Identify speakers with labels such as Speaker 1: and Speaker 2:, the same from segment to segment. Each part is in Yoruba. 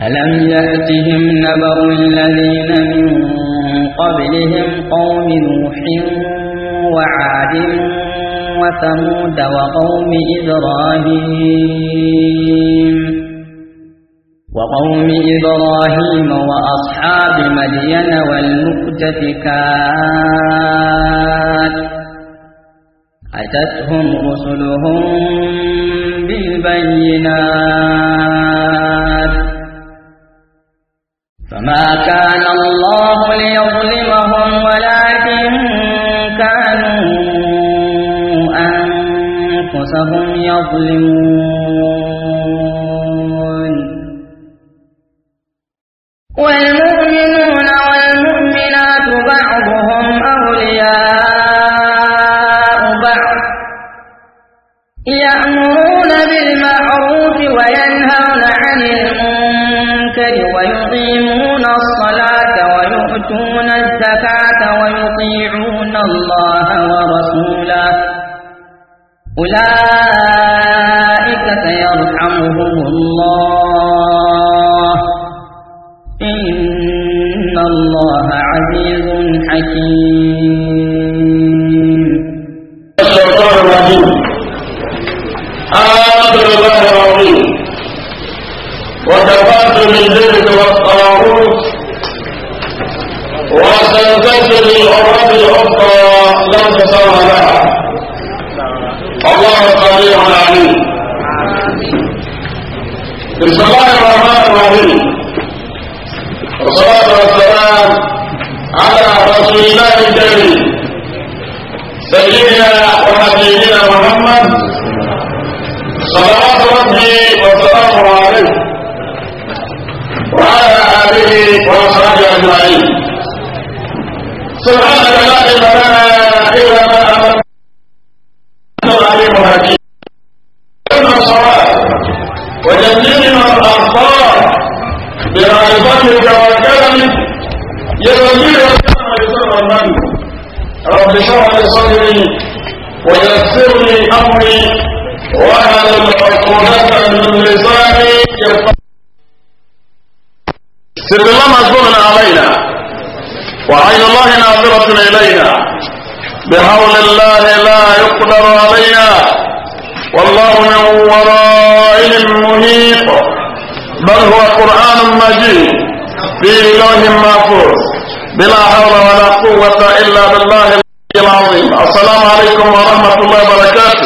Speaker 1: ألم يأتهم نبر الذين من قبلهم قوم نوح وعاد وثمود وقوم إبراهيم وقوم إبراهيم وأصحاب مدين والمؤتفكات أتتهم رسلهم بالبينات فما كان الله ليظلمهم ولكن كانوا أنفسهم يظلمون يرحمهم الله إن الله عزيز حكيم
Speaker 2: سر الله مزبون علينا وعين الله ناظرة إلينا بحول الله لا يقدر علينا والله من وراء المحيط بل هو قرآن مجيد في لوح محفوظ بلا حول ولا قوة إلا بالله العظيم السلام عليكم ورحمة الله وبركاته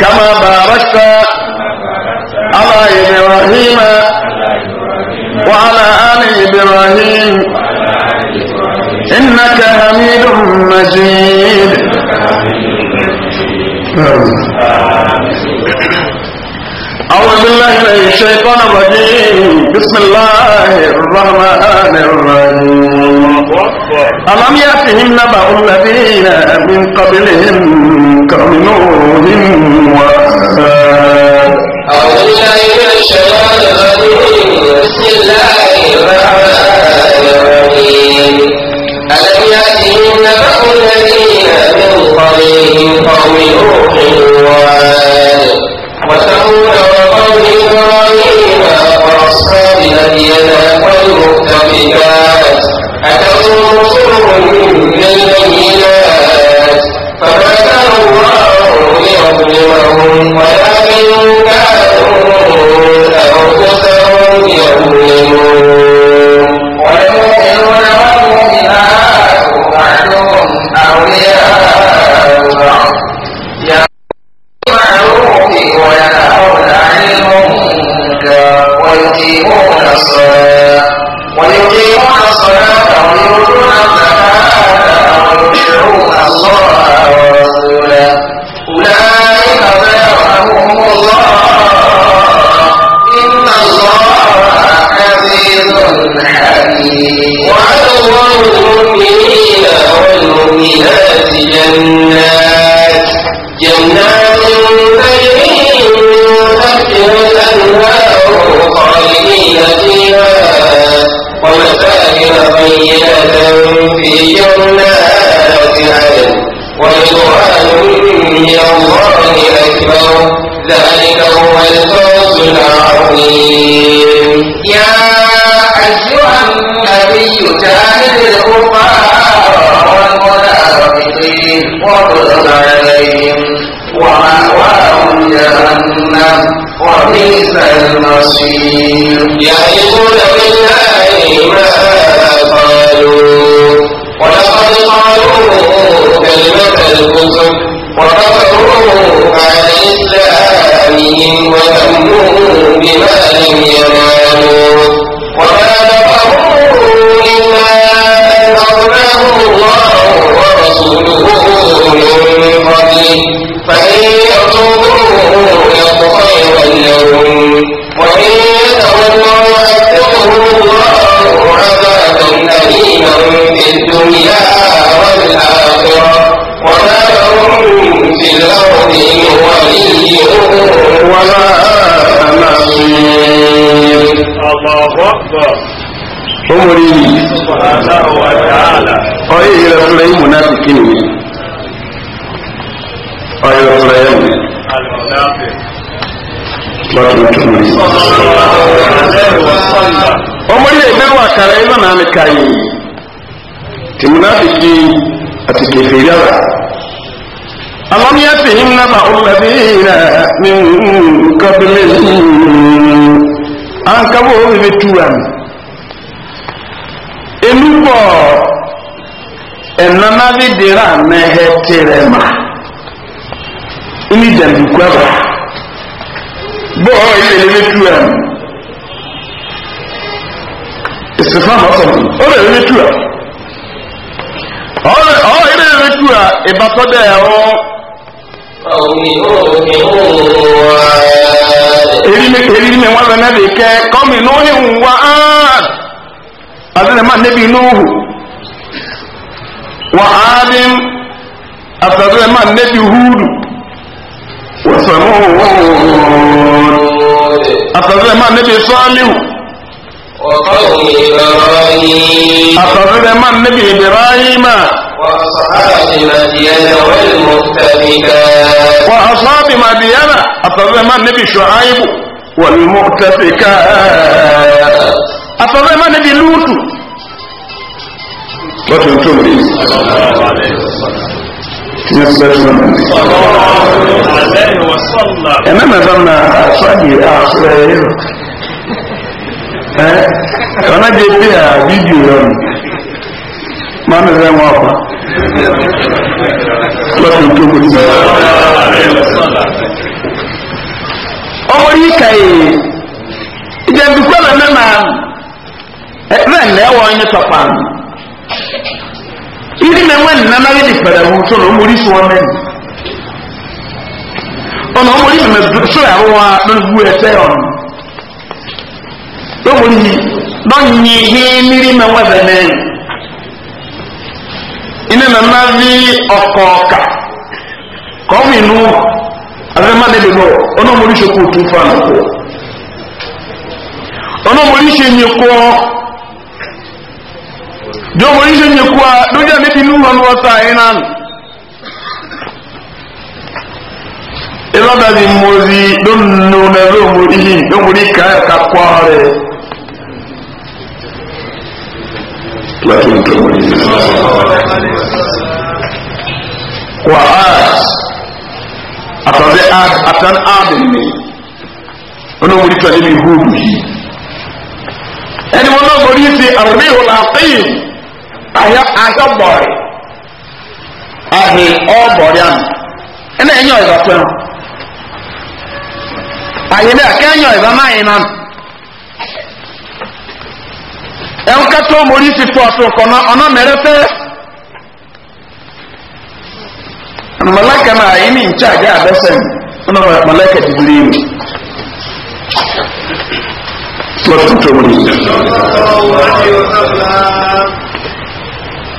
Speaker 2: كما باركت على إبراهيم وعلى آل إبراهيم إنك حميد مجيد آمين نعم. أعوذ بالله من الشيطان الرجيم بسم الله الرحمن الرحيم ألم يأتهم نبأ الذين من قبلهم قوم نوح وعاد
Speaker 3: أعوذ بالله من الشيطان
Speaker 4: الرجيم بسم الله الرحمن الرحيم
Speaker 3: ألم يأتهم نبأ الذين من قبلهم قوم نوح وعاد وثمود وقوم إبراهيم وأصحاب مدين والمؤتفكات أتوا رسلهم بالبينات فما كان الله ليظلمهم ولكن كانوا أنفسهم يظلمون ويقيمون الصلاة ويؤتون الزكاة ويطيعون الله ورسوله بينة في جنات عدن ورضوان من الله أكبر ذلك هو الفوز العظيم يا أيها النبي جاهد الكفار والمنافقين واغلظ عليهم ومأواهم جهنم وبئس المصير يعرفون بالله ما ولقد قالوا كلمة الكفر وكفروا بعد إسلامهم وهموا بما لم ينالوا وما نفروا إلا أن أغناه الله ورسوله من قبله فإن يرتضوا يرضوا خيرا لهم وإن يتولوا
Speaker 2: Allahu Akbar omori yi ọyẹ yẹrẹ fúnra yìí munafiki ni ọyẹ yẹrẹ fúnra yẹn mi lọtún tún mi. omori yẹ gbẹwò àkàrà yìí lọnà mi ka yìí ti munafiki àti kẹfẹ yàrá. ألم يأتهم نبأ الذين من قبلهم ankabo wo bebe tuwam enubɔ ɛnana bi dira mɛhɛ tere ma ɛni dɛmbi kwaba bɔɔ ɛyɛ bebe tuwam esifa ma sɔn o de bebe tuwa ɔɔ ɛyɛ bebe tuwa ìbátɔ dɛ ɛwɔ. ɔwì ó mi ó. eri ne wa na de ke komi nuhi wa ad adana ma nabi nuhu wa adim adana ma nabi hud wa samud adana ma nabi salih أتذر من نبي إبراهيم وأصحاب مدين والمؤتمدات وأصحاب مدين أتذر من anyị bụ. والمؤتفكات أفضل من بلوت وتنتم لي أنا ما ظن أصلي أصلي أنا جيت فيها فيديو ما نزل واقع وتنتم لي ọmọ yìí kàyè ìjẹ̀dùkọ́ lọ mẹ́ma ẹ̀fẹ́ mẹ́wọ́ ọ̀nyẹ́ tọ́pa ìdí mẹ́wọ́ nínú ayé ní pẹ̀lẹ́wù tó lọ ọmọ yìí sọ́wọ́ mẹ́rin ọ̀nà ọmọ yìí mẹ́mẹ́ sọ́rọ̀ àwọn wa lọ́nà wú ẹ̀fẹ́ ọ̀nà lọ́wọ́ yìí lọ́nyìn ihe mmiri mẹ́wọ́ bẹ̀ àbẹ́rẹ́ máa níbi lọ ọ̀nà mo ríṣe kó tún fún àná ọ̀nà mo ríṣe yẹn kọ́ jọ mo ríṣe ndị a lójú àníbi inú wọn wọ́n ta ẹ̀ náà. ìlọ́dà ni mo rí ka lọ́wọ́ mo atɔdze ad atan aden ne ɔno wɔn ita ne bi huuhu yi ɛni wɔn a wɔn yi si ariwo la ayi ahya ahya bɔre ahe ɔbɔre ano ɛna ɛnyɛ ɔyɛ ɔtɔ no ahe bi a kɛnyɛ ɔyɛ ɔma ahe nan ɛnkatɔ wɔn yi si fɔ ɔtɔ kɔnɔ ɔna mɛrɛ fɛ. Malaka na yi ni charge a dasan ana malaika jibrilu
Speaker 4: suratu tumuri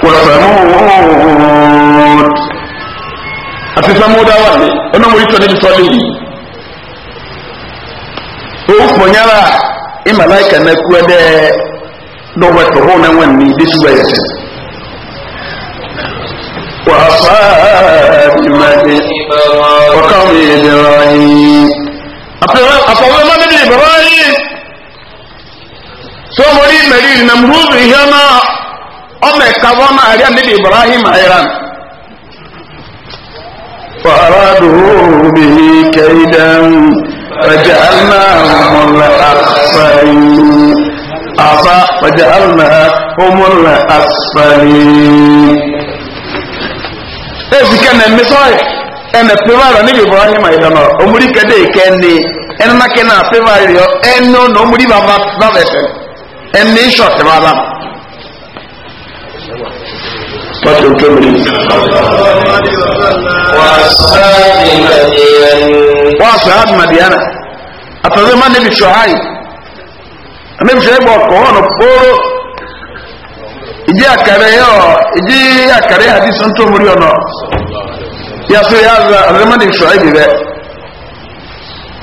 Speaker 2: wa samud ati samuda wale ona muri to ni tolili o fonyara i malaika na kuwa de do wato na wanni disu wa yasa wa رحمته وقوم إبراهيم أفضل ما من إبراهيم سو مريد مريد نمرود هنا أمي كواما أريان نبي إبراهيم أيران فأرادوا به كيدا فجعلناهم الأخفين أعطى فجعلناهم الأسفلين ezike na mmesɔre ɛna pevaro ne bibɔ ahema yi hɔ no omuri kɛdɛ eke ne ɛnana ke na pevaro yɔ ɛno na omuri ba ba ba bɛsɛ ɛne short ba ba pati o kemiri. waasa ha madiana atɔzɛ ma ne bi tɔ ha yi ne ìdí àkàrẹ yọ ìdí àkàrẹ àdìsí ń tó mórí ọ̀nà yàtọ̀ yà zà àlẹ́mọ́dé sọ̀rọ̀ ibi rẹ̀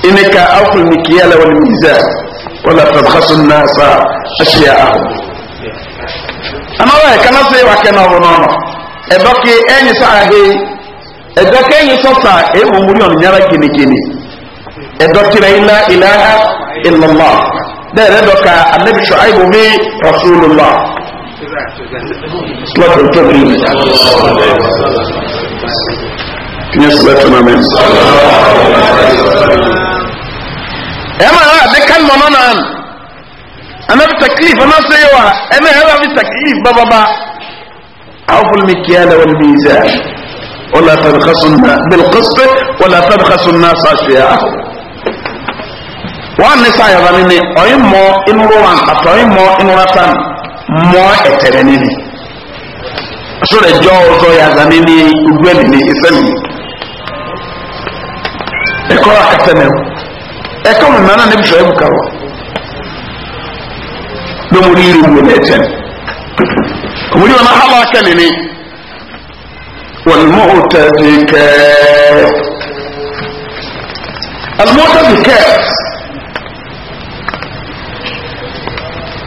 Speaker 2: ìníkà áwùkù ní kìí ẹlẹ́ wọn ní zẹ̀ wọ́n lọ́tọ̀ bàtàkì náà sá ẹ̀ṣẹ̀ àhùn. anáwó ẹ̀ka náà sọ yẹ wà kẹ́ náà wọn ọ̀nà ẹ̀dọ́kì ẹ̀yìn sá ahé ẹ̀dọ́kì ẹ̀yìn sọ̀tà ẹ̀wọ̀n mórí ọ̀nà nyára kìnnìkìnnì ẹ̀dọ́kì rẹ̀ ilá ilá ilá ilá bẹ́ẹ̀ rẹ̀ dọ́kà anábì sọ صلاة الكبري كنا تماما أما هذا كان ممانا أنا بتكليف أنا سيوا أنا هذا بتكليف بابا با أوفوا المكيال والميزان ولا تبخسوا بالقسط ولا تبخسوا الناس أشياءهم وأن نسعى يظنني أيمو إنوران أتأيمو رتان mọ́ ẹ̀tẹ̀rẹ̀ nínú asọ́rọ̀ ẹjọ́ ọ̀zọ́ yàrá nínú ojú ẹ̀mí ní ìfẹ́mi ẹ̀kọ́ akatẹ́mẹ́wò ẹ̀kọ́ mi nana níbi sọ̀rọ̀ ẹ̀bùkà wọ̀ lọ́mọ ní irú wo n'ẹ̀tẹ̀ òmùdí wọn náà hàlọ́ akẹ́ wọn mú òtẹ́bí kẹ́ alimọ́tẹ́bí kẹ́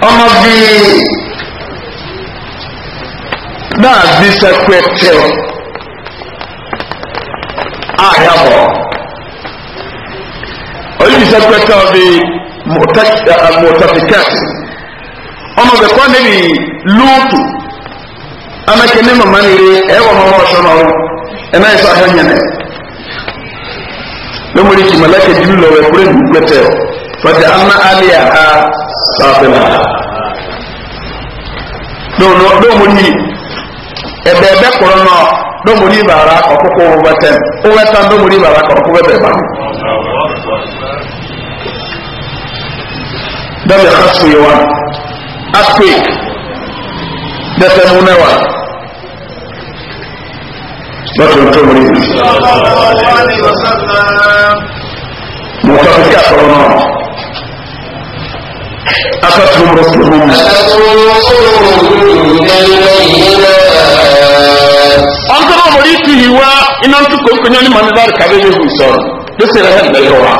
Speaker 2: ọmọ bíi. náà bí sẹpẹtẹ àyàbọ oyin sẹpẹtẹ ọbi mọtafikẹti ọmọ bẹ kọ́ níbi lóòtù anake ní mama ni re ẹ wọ ọmọ ọsọ náà ẹ náà sọ ahẹ́ nyẹ nẹ lomori kì mọlẹ́kẹ̀ dìbò lọ wẹ̀ kúrẹ́ nù pẹ́tẹ́ ọ fọ́tẹ́ ama aliya ha sáfẹ́ náà lọ́wọ́ lọ́wọ́ mo ní ɛbɛ bɛ kɔrɔ nɔ domori bara ɔkoko wobɛ tɛm wobɛ tɛm domori bara kɔkoko bɛ bɛ ba dɔbɛ ka suye wa aspe dɛsɛ munɛ wa lɔtɔ tomori mɔgɔ tɔ ti ka kɔrɔ nɔ أخذهم رسلهم ọ̀nkọ́rọ̀ ọmọdé tu ìwá iná tó kọ́ kọ́ nyọ́ ní mọ̀ nígbà kàwé ní ìhù sọ̀rọ̀ ló sì rẹ̀ hẹ́ndẹ̀ yọ̀ wá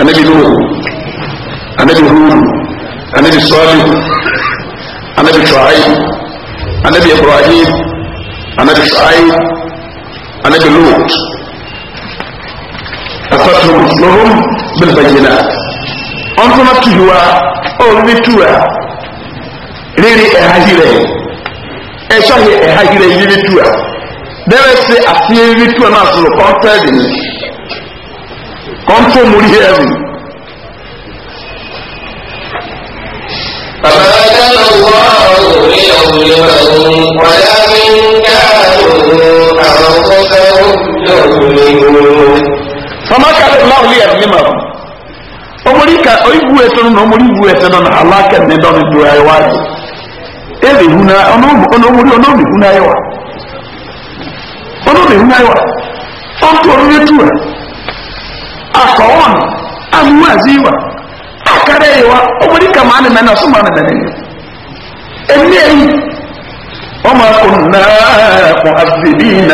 Speaker 2: anabi nuhu anabi hudu anabi sọ́ọ̀lì anabi tuwaayi anabi ibrahim anabi shu'ayi anabi lut asatu nuhum bil bayyina ọ̀nkọ́rọ̀ tu ìwá ọ̀rọ̀ bí tuwa rírì ẹ̀hájì rẹ̀ ɛhyɛ ahe ɛha yire yi bi tu a bɛrɛ se aseɛ bi tu a na soro kɔntɛ bi ni kɔntɛ mu ri hɛ bi. فبدل الله ليظلمهم ولكن كانوا أنفسهم يظلمون فما كان الله ليظلمهم أمريكا أيبوة نمريبوة نمريبوة نمريبوة نمريبوة نمريبوة ebe huna ono ono muri ono mi huna yawa ono mi ọ yawa onto ri tu akawon amuaziwa akarewa omuri kamane na na suma na na ni na eyi na كنا معذبين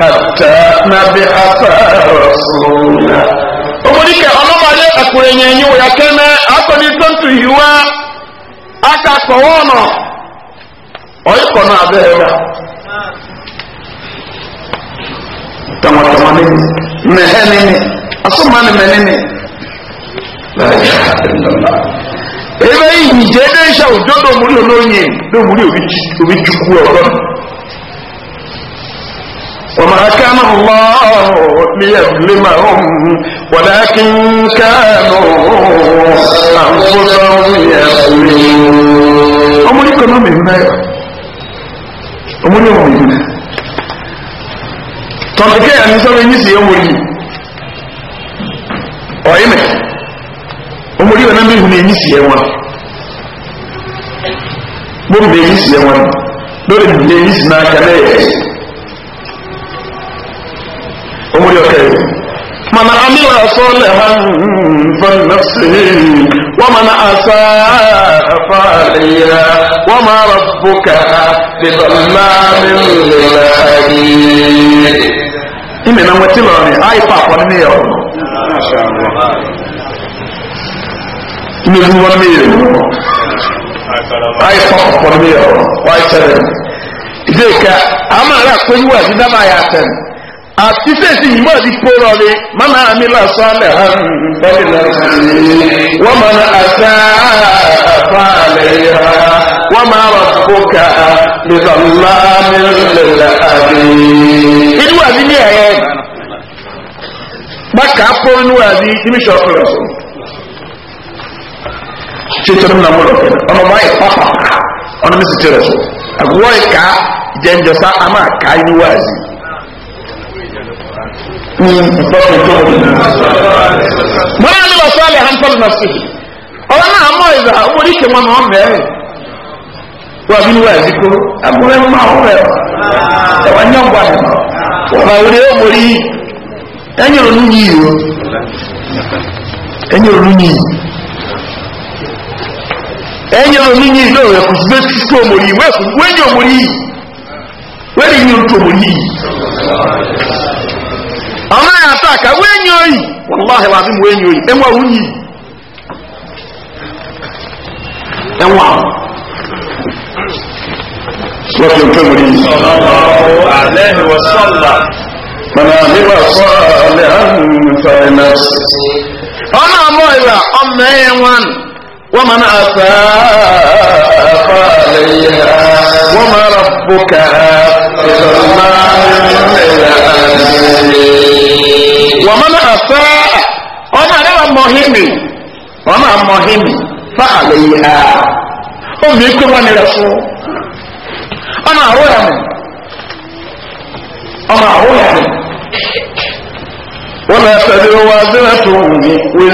Speaker 2: حتى نبعث رسولا أمريكا ọ̀yíkọ̀ náà bẹ́ẹ̀ rà tọmọtọmọ ní mẹhẹ ní ní asọmọ ní mẹ ní ní. ebe ihi jẹ ẹdẹ iṣẹ òjò domori olóyin chukwu كان الله ليظلمهم ولكن كانوا يظلمون. ọmọ ní ọmọ yìí tọ́síkẹ́ àmì sọ́rọ̀ yìí sì ẹwọ yìí ọ̀yẹ́mẹ̀ ọmọ yìí wọn náà bí ìhùn èyí sì ẹwọn gbọ́n bẹ èyí sì ẹwọn lórí bẹ èyí sì náà kẹlẹ́ ẹ̀ ọmọ yìí ọ̀kẹ́ yìí. na na-akpọrọ na
Speaker 3: na-akpọrọ
Speaker 2: ya aaa àtisẹ́sì yìí máa di kóró ni mọ́nà àmìlà sọ́ọ̀lẹ̀ hàn bọ́ọ̀lì lọ́sí wọ́n máa àṣà àfààlẹ̀ ha wọ́n máa rọ̀ fúkà lùdọ̀lá mílíọ̀lá àbí. inú àbí ní ẹ̀yẹ gbàkà kó inú àbí níbi sọ̀rọ̀ fún ọ̀sán. títorí náà mo lọ fẹ́ ọmọ bá yẹ pápá ọ̀nà mi sì tẹ̀rẹ̀ sọ àgùwọ̀ ìka jẹ́ njọ́sá a máa ka inú wáyé. ní na tó wù. Mọ́lá ní wọ́n sọ́ọ́lẹ̀ hampọ́lù náà sí. Ọ̀rọ̀ náà mọ̀ ìgbà owó ní ìṣẹ̀wọ̀n náà mẹ́rin. Wọ́n bí wọ́n ẹ̀sìn kó agbóhẹ́ mọ́ àwọn rẹ̀. na-ata wee oyi wallahi wa wee oyi enwe unyi enwe ahụ Ọ Ọ Ọ Ọ Ọ na-anaghị na-amụrụ na na-arụ na-arụ na-asabiri la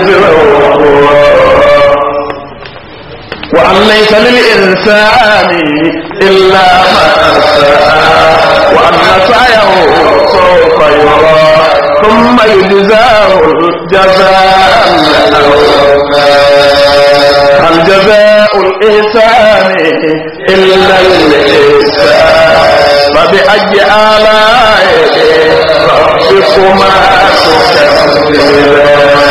Speaker 2: e وأن ليس للإنسان إلا ما سعى وأن سعيه سوف يرى ثم يجزاه الجزاء هل جزاء الإحسان إلا الإحسان فبأي آلاء ربكما تكذبان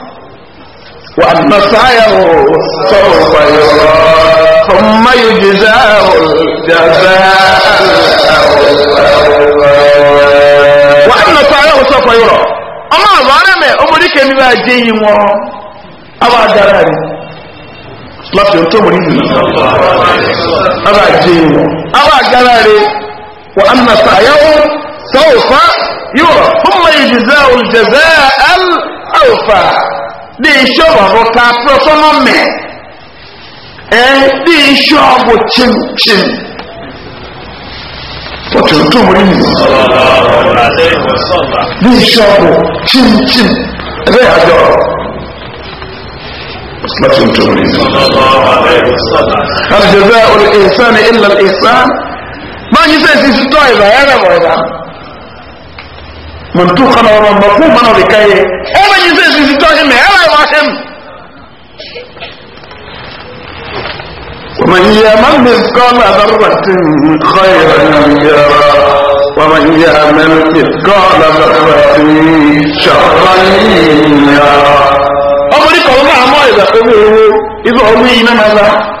Speaker 2: وأما سعيه سوف يرى ثم يجزاه الجزاء وأما سعيه سوف يرى أما ظالمة أمريكا نبا جيهم أبا جراري láti ọjọ́ mọ̀ nínú ọba jẹ́ wọn ọba agbára rẹ̀ wọ́n á nà sàyẹ̀wò sọ́ọ̀fà yóò fún mọ̀ ìjìzá olùjẹ̀zẹ́ àlùfà dị nsọ ọrụta prọsọnọ mẹ ee dị nsọ ọgwụ chim chim ọtụtụ nwere nyi dị nsọ ọgwụ chim chim ebe ya dọrọ ọtụtụ nwere nyi aljaza ul ihsan illa al ihsan ma nyi sɛ sisi tɔ ìlà yɛrɛ wɔ ìlà منطوقا ولا مفهوما لكي
Speaker 1: انا
Speaker 2: يزيد في زيتهم انا يواهم ومن يعمل مثقال ذرة خيرا يرى ومن يعمل مثقال ذرة شرا يرى أمريكا وما أمريكا إذا أمي إنما ذا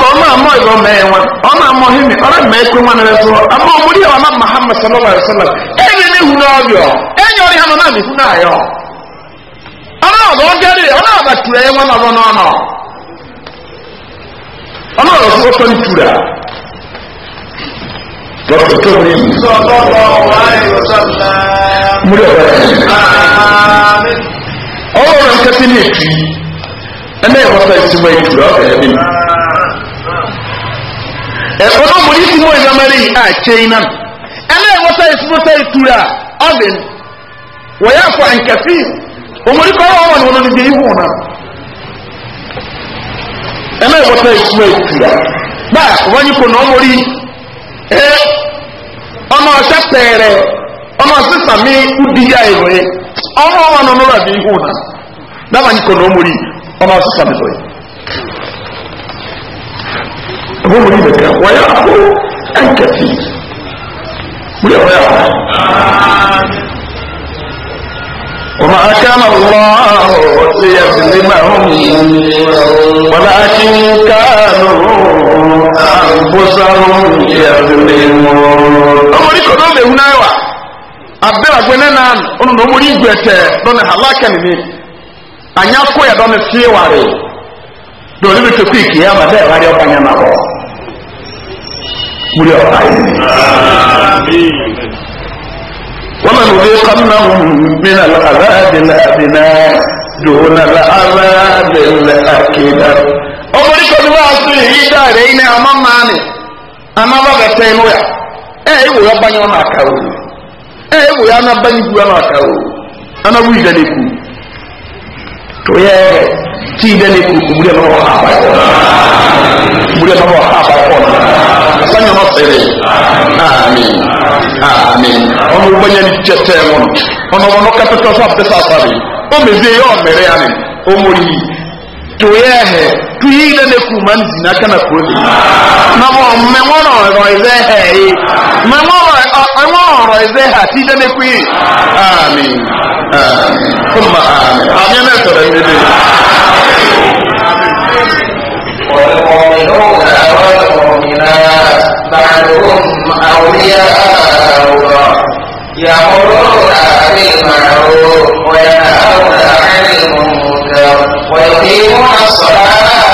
Speaker 2: ọkọ ọmọ àmọ ìlọ mẹrin wọn ọmọ àmọ hìmì ọmọ àmọ ẹkọ wọn rẹ sọ àmọ ọmọdé ọmọ muhammad sallallahu alaihi wa ẹni ní hu náà yọ ẹni ọdí hàn náà ní hu náà yọ ọmọ ọmọ tura ẹ wọn náà nọ ọmọ ọdọ sọ fún tura lọtọ tó ní. sọlọ ọ̀rọ̀ ìtura ɛkɔnɔ mɔni ti mɔ ìgbàmɛlɛ yìí a kyɛn nam ɛnna ɛwɔta yi sɔta yi tura ɔbɛn wɔyɛ afɔ ankɛfi ɔmɔni kɔ wɔn wɔn wɔn ni na ɛnna ɛwɔta yi tura yi tura ba wɔn yi kɔ na ɔmɔni na dábàá yi kɔ na ɔmɔni ɔmɔ هم يبكى ويعفو عن كثير ويعفو وما كان الله ليظلمهم ولكن كانوا أنفسهم يظلمون أمريكا دولة هنا abẹ́rẹ́ agbẹ́nẹ́ náà ọ̀nà ọmọ orí ìgbẹ́ tẹ lọ́nà àlákẹ́ nìyí anyakó yẹ lọ́nà fíwárì lọ́nà bí tó kú ìkìyà ẹ̀ wáyé náà múlẹ̀ ọ̀tá yìí. wọ́n mọ̀ lórí kọ́nà mìíràn lọ́kàdá àdìlẹ̀ àdìlẹ̀ dùnà lọ́kàdá àdìlẹ̀ àkìlá. ọmọ ní kọ́ni wá sí èyí dáre iná àmọ́ máa nì àmọ́ bá bẹ̀ tẹ́ inú banya ma fere amin amin ɔno banya ni tɛtɛ mu no ɔno ɔno kata tɔ so apɛ saasare ɔmɛ zie yɛ ɔmɛrɛ ya ne ɔmɔri to yɛ hɛ to yi ne ne kuma ni zina kana ko ne na mɔ mɛ ŋɔnɔ ɔrɔ ɛzɛ hɛ ye mɛ ŋɔnɔ ɔrɔ ɛzɛ hɛ ti ne ne ko ye amin amin kuma amin amin ne sɔrɔ ne de. بعدهم أولياء بعض يأمرون بالمعروف وينهون عن المنكر ويقيمون الصلاة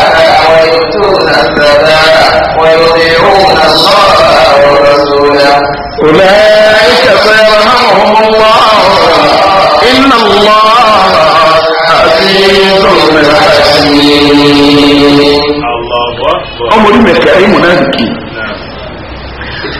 Speaker 2: ويؤتون الزكاة ويطيعون الله ورسوله أولئك سيرحمهم الله إن الله عزيز حكيم الله أكبر أمر مكائم منافقين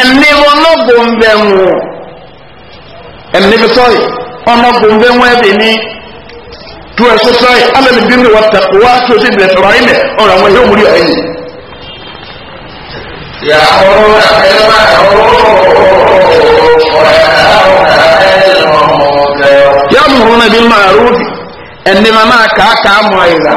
Speaker 2: ẹni ọ̀nà gbòǹbẹ̀ ẹni bí sọ́yì ọ̀nà gbòǹbẹ̀ ẹbí ní tó ẹ̀sọ́ sọ́yì alẹ́ni bí mi wà tẹ̀kọ̀ wá tó ti bẹ̀rẹ̀ ya ayé mẹ́ ọ̀rọ̀ àwọn ẹ̀yọ́ òmùrí ọ̀yẹ́ yìí. yàtọ̀ ẹ̀rọ yàtọ̀ ẹ̀rọ yàtọ̀ ẹ̀rọ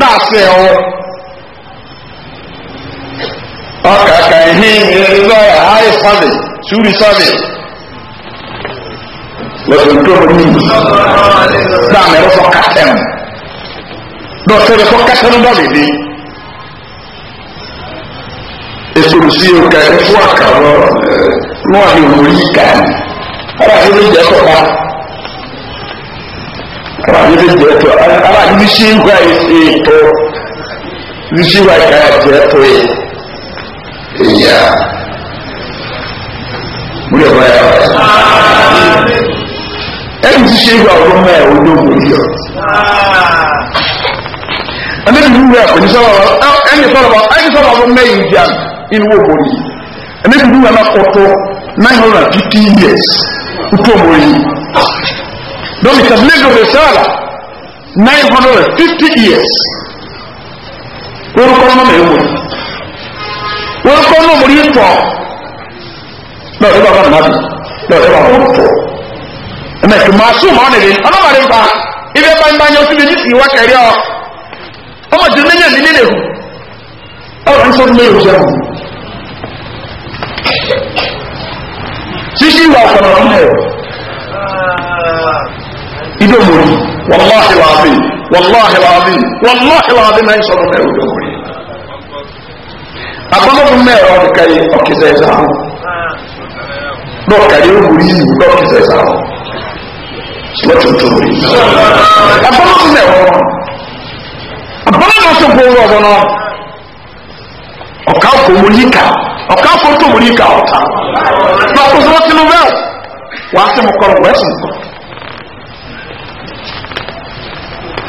Speaker 2: dáàsì ẹ̀wọ̀ ọkàkà ìhìn ìrìnlọ àáyè sábẹ̀ ṣúrì sábẹ̀ lọ́sùn tó ní dáàmì ẹ̀rọ fọ́kà tẹ̀mù dọ́sẹ̀rẹ̀ fọ́kà tẹ̀mù dọ́bì bí èsòrùsí òkà ẹ̀fọ́ àkàrọ̀ níwájú òmùrí ìkà ẹ̀rọ àti orí ìjẹ́sọ̀ká àwọn ilé jẹ tó ara níṣẹ́ ìwà ìṣe ìtọ́ níṣẹ́ ìwà ìkàyà jẹ tó yẹ èyà mo lè báyà ẹni tí ṣe ìwà ọdún mẹ́ẹ̀ olóògùn orí ọ. ẹni tí wúwo ẹ̀kọ́ ní sọ́wọ́ ẹni sọ́wọ́ ẹni sọ́wọ́ ọdún mẹ́yìn ìjà inú wò borí ẹni tí wúwo ẹ̀kọ́ tó nine hundred and fifty years kútó borí don tabligh risala 950 years orúkọ náà mẹ́rin wò orúkọ náà mo rí tọ̀ náà ló bá bá nàá bì náà ló bá wọ́n tọ̀ ẹ̀mẹ́ tó máa sùn máa nìyẹn ọlọ́mọdé ń bá ibi ẹ̀bá ń bá yẹn síbi ní ìwà kẹrì ọ ọmọ tó níyẹn ní nílẹ̀ hù ọ̀rọ̀ ń sọ fún mi ò jẹun ṣíṣí ìwà ọ̀pọ̀lọpọ̀ náà ido mori wàláhi làbí wàláhi làbí wàláhi làbí náà sọ fún ẹrù dòwò yìí. agbọ́dọ̀dún mẹ́rin ọ̀dọ̀ kẹ́yì ọ̀kẹ́sẹ̀ ẹ̀sà ahọ́ dọ́ọ̀kẹ́yì ọ̀gbùrì yìí dọ́ọ̀kẹ́sẹ̀ ẹ̀sà ahọ́ lọ́tún tó wọlé. agbọ́dọ̀dún mẹ́rin ọ̀rọ̀ agbọ́dọ̀dún sọ fún ọ̀rọ̀ ọ̀rọ̀ náà ọ̀ká kò wọ́n yí ká ọ̀ká kò tó wọ́n yí ká ọ̀tá. bàtò sọ́ọ́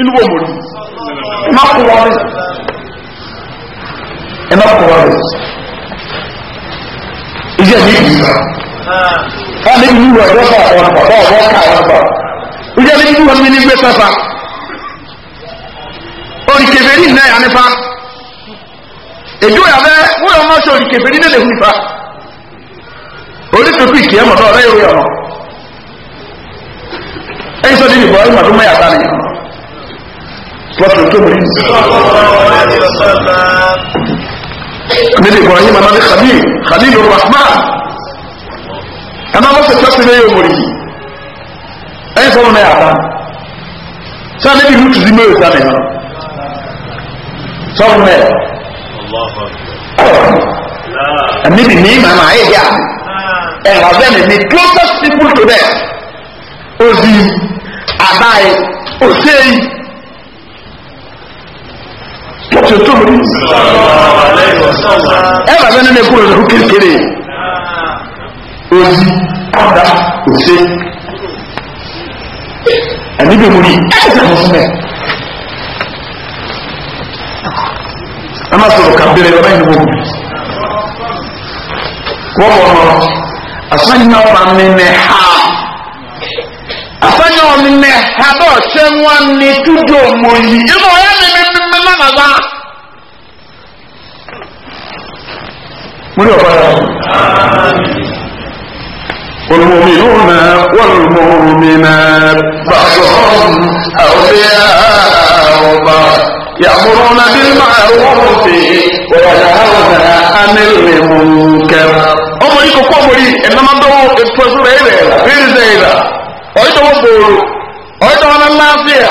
Speaker 2: inú bò mòrí ẹ má kó wọlé ẹ má kó wọlé ìjẹ́ mi yìí wọ́n lé inú wọ̀ ẹ̀dọ́ fún àwọn ọ̀pọ̀ ọ̀pọ̀ ká àwọn ọ̀pọ̀ ìjẹ́ mi inú wọn ní gbé pẹ́pà olùkèfèrí náà yà nípa èdè òyàbẹ wọ́n yọ ọmọ sọ olùkèfèrí náà lè hu nípa olùkèfèrí kìí ẹ̀mọ̀ náà ọ̀rẹ́ yóò yọ̀ ọ́ ẹ̀yin sọ́dí nìbọn ẹ̀yin màdúmọ̀ yàtá nìyẹn lọ́sùn tó mú yìí.
Speaker 4: Nílé Ibrahim Amadé Khalil Khalil
Speaker 2: Rahman ẹ̀ma wọ́n ṣe tẹ́sí lé yóò mọ̀rì yìí ẹ̀yin sọ́nù náà yàtá sáà níbi ìlú tùdí mẹ́rin sáà nìyẹn sọ́nù náà níbi ní ìmọ̀ àmà ayé yá ẹ̀rọ bẹ́ẹ̀ ni closest people to them ozi abaye oseyi ti tó lórí. ẹ bàbá nínú ikú rẹ̀ ló kékeré òzi ọ̀dà òsè ẹni bí mo ní ẹsẹ̀ mo fún ẹ. ẹ má sọ̀rọ̀ ká bẹ̀rẹ̀ ọ̀rẹ́ ìlú wọn. wọ́n bọ̀ ọ́ asanyɛ ɔma mene ha asanyɛ ɔmene ha bɛ ɔhyɛ nwa ne tudu ɔmɔ yi ɛna ɔyɛ mene mene nana ba. múlẹ̀ ọ̀pá yà olùmọ̀mìnúnà wọ́lùmọ̀mìnà bàbọ̀n àwòrán ọba yàmùrún nàbí máa ha fi wọ̀nyàwọ̀n anẹ́lẹ̀ mọ̀nkẹ́. ọmọ yìí kò kọ́ ọmọ yìí ẹ̀nàmọ́dọ́wọ́ ètò ẹ̀sùn rẹ̀ rẹ̀ rírì rẹ̀ rà ọ̀yẹ́dọ̀wọ́ gbòòrò ọ̀yẹ́dọ̀wọ́ náà máa fi à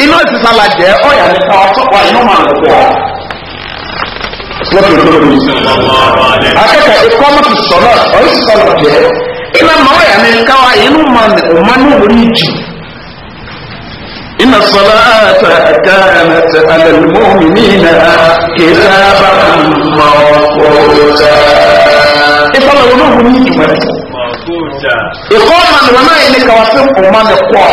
Speaker 2: iná ìsísàlà jẹ́ ọ̀yà nípa ọ̀tọ́pọ̀ inú màá lọ pọ̀ lọ́pọ̀ lọ́pọ̀ akẹ́kọ̀ọ́ ikọ́ mọ́tò sọ̀rọ̀ ọ̀yẹ́sísàlà jẹ́ iná màá ọ̀yà nípa inú màá ní orí jù إن الصلاة كانت على المؤمنين كتابا موقوتا إصلا ونوه نيجي مرسل إقاما وما إليك وسيم أمان القوة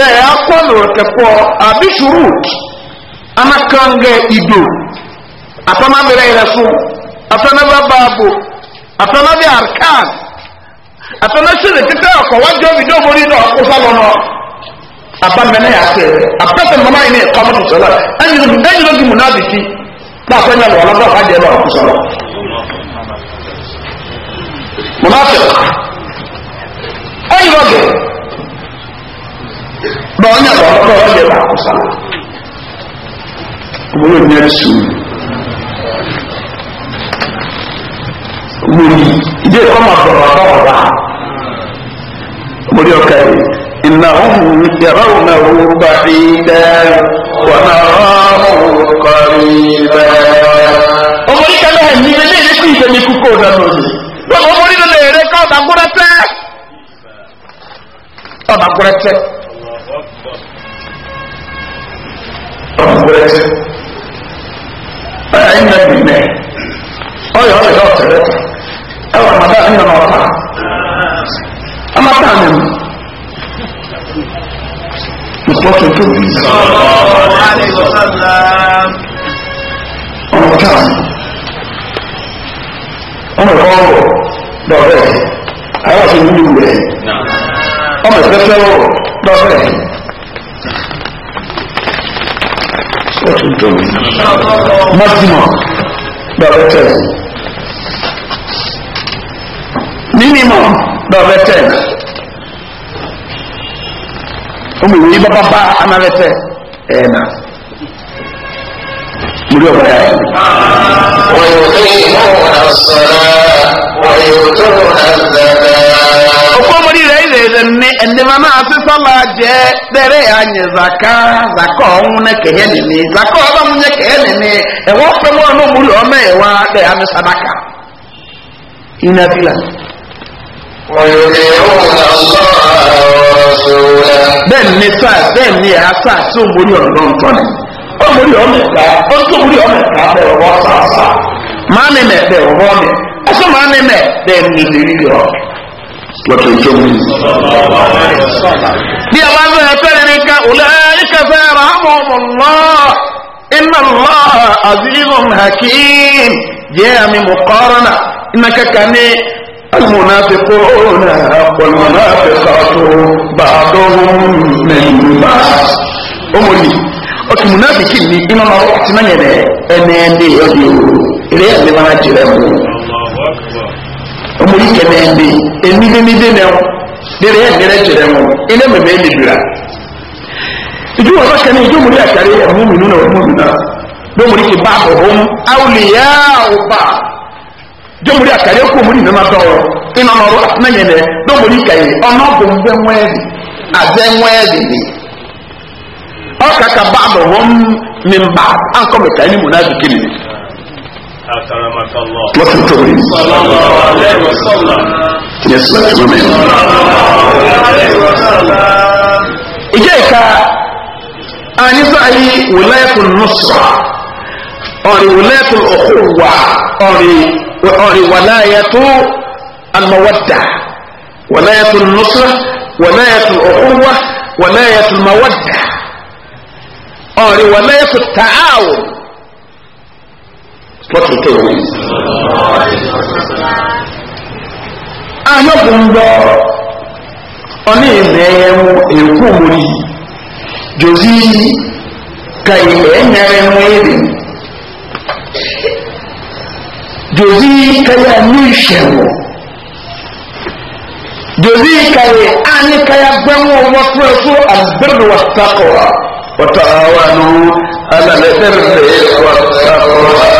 Speaker 2: bẹ́ẹ̀ akọ́lọ̀ kẹfọ́ àbí ṣùrùt amakangẹ ìdò àfọmábẹ̀rẹ̀ ìrẹsùn àfọmábẹ̀ báàbò àfọmábẹ̀ arkan àfọmáṣẹ́lẹ̀ títẹ́ ọkọ̀ wájú ọ̀bìdó mórí náà kó sálọ náà abamẹ́nẹ́ yà sẹ́ apẹ́sẹ̀ mọ́má yìí ní ẹ̀kọ́ mọ́tò sọ́lá ẹ̀yìn ló di mùnà bìtì náà fẹ́ yàn lọ́wọ́ lọ́wọ́ ajẹ́ lọ́wọ́ kó sọ́lá. mọ̀nà ba onye bụ ọkpọ onye bụ akwụsa ọbụrụ onye nsu wuri ide kọma bọrọ ọkọ ọba ọbụrụ ọka ya إنهم يرونه بعيدا ونراه قريبا ọmọdé kẹlẹ ẹ ní ilé ìlú ìjẹ ní kúkọ náà lónìí wọn ọmọdé lọ lè rẹ ká ọba gbọrẹtẹ ọba gbọrẹtẹ. ọ̀nàfẹ́rẹ́ ọ̀yà ẹ̀yìn náà gbìn náà ọ̀yà ọ̀yà ọ̀yà ọ̀tẹ̀rẹ̀ ẹ̀wọ̀n àmàdá ẹ̀yìn náà ọ̀tà àmàdá mi nǹkan tuntun bí i. ọ̀nà ọ̀tà ọ̀nà ọ̀kọ́ ọ̀rọ̀ dọ̀rẹ́ àwọn àti ìlú rẹ̀ ọmọ ìfẹ́fẹ́ ọ̀rọ̀ dọ̀rẹ́. maximum dọ̀bẹ̀ tẹ̀ minimum dọ̀bẹ̀ tẹ̀ ọmọwé yìí bàbá bá anáwẹ̀ tẹ̀ ẹ̀ nà múlí ọ̀bẹ̀ yà yẹ. wọ́n yóò tó yìí sọ̀rọ̀ wọ́n yóò tó wọn àgbàdo. okomori rẹ irere nne na náà ma jẹ dere anyị zaka zaka ọhún ní kẹhẹ nìní zaka ọhún ní kẹhẹ nìní ẹwọ pẹmọ ọmọ múlò ọmọ sadaka iná fìlà. bẹ́ẹ̀ ni sáà bẹ́ẹ̀ ni ẹ̀ sáà sí ọmọ ọmọ وتنجمني دي الله يتلنك أولئك فارحمهم الله إن الله عزيز حكيم جاء من مقارنة إنك كان المنافقون والمنافقات بعضهم من بعض أمني أتو منافقين إنما رحت من يدي أنا يدي يدي إليه لما نجرمه omuli kemembi emidemidenewo dere yegerekeremu ine mebelibira ijo wabakane ijo omuli akale amuminuna wamumina bomuliki babuhum auliyau ba jomuli akale ku omuli nematowo inonoro amenyene domulikaye onobumbe mwezi aze mwezi ni okaka babuhum min bad ankomekani munafikini أكرمك الله صلى الله عليه وسلم يسمع جميل صلى
Speaker 3: الله عليه وسلم
Speaker 2: إجاك أنا ولاية النصرة أري ولاية الأخوة أري أري ولاية المودة ولاية النصرة ولاية الأخوة ولاية المودة أري ولاية التعاون wọ́n ti tó wọ́n. Ayọ̀bù ń lọ ọ̀ní ìmẹ̀ ẹ̀mú èkó wòlí jòzí ka ìmẹ̀ ẹ̀nyẹrẹ mú èdè jòzí kaya ní ìṣẹ̀wọ̀ jòzí kaya ánì kaya gbẹ́mú ọmọ fún ẹ̀fọ́ àgbẹ̀rù wàtàkọ̀wà wàtàkọ̀wà ló alàlẹ́sẹ̀rẹ̀ wàtàkọ̀wà.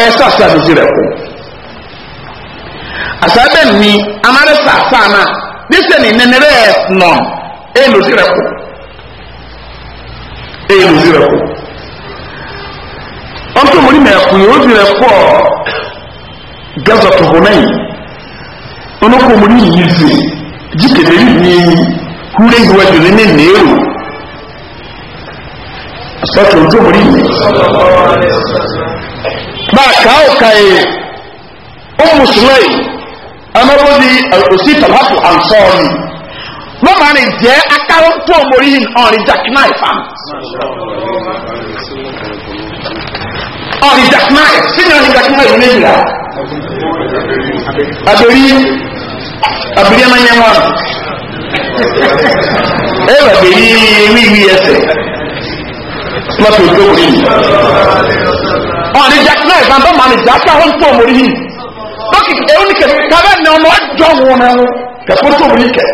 Speaker 2: ɛsɛ asase rɛ ko asabɛn ni amare saasaana ne sɛ ne nenere yɛ nɔn ɛyɛ lozi rɛ ko ɛyɛ lozi rɛ ko ɔntɔ mo ni na ɛko yɛ ozi rɛ ko gaza to ho nɛyi ɔno ko mo ni yi zi gyi kele yi ni hure yi wa dwene ne neeru asɔtɔ ntɔ mo ni yi o báàkà ọ̀ka yìí ó mùsùlùmí amábọ́dì òsì tàbátù ànsọ́ọ̀nì wọ́n máa ní jẹ́ akáró tó mórí yìí ọ̀rìn jack knife am
Speaker 3: ọ̀rìn jack knife sínú ọ̀rìn jack knife ní ìlà
Speaker 2: àbẹ̀rí àbẹ̀rí ẹ̀ma nyẹ́wọ̀n ẹ̀rọ àbẹ̀rí wíwí ẹsẹ̀. láti ojú òkú yìí. wọn ni jack náà ìgbà máa ní jack ahọ́n tó omori yìí lókè èyí ni kẹ̀kẹ́ kábẹ́ ní ọmọ ẹjọ́ wọn náà kẹ̀kọ́ tó omori kẹ̀.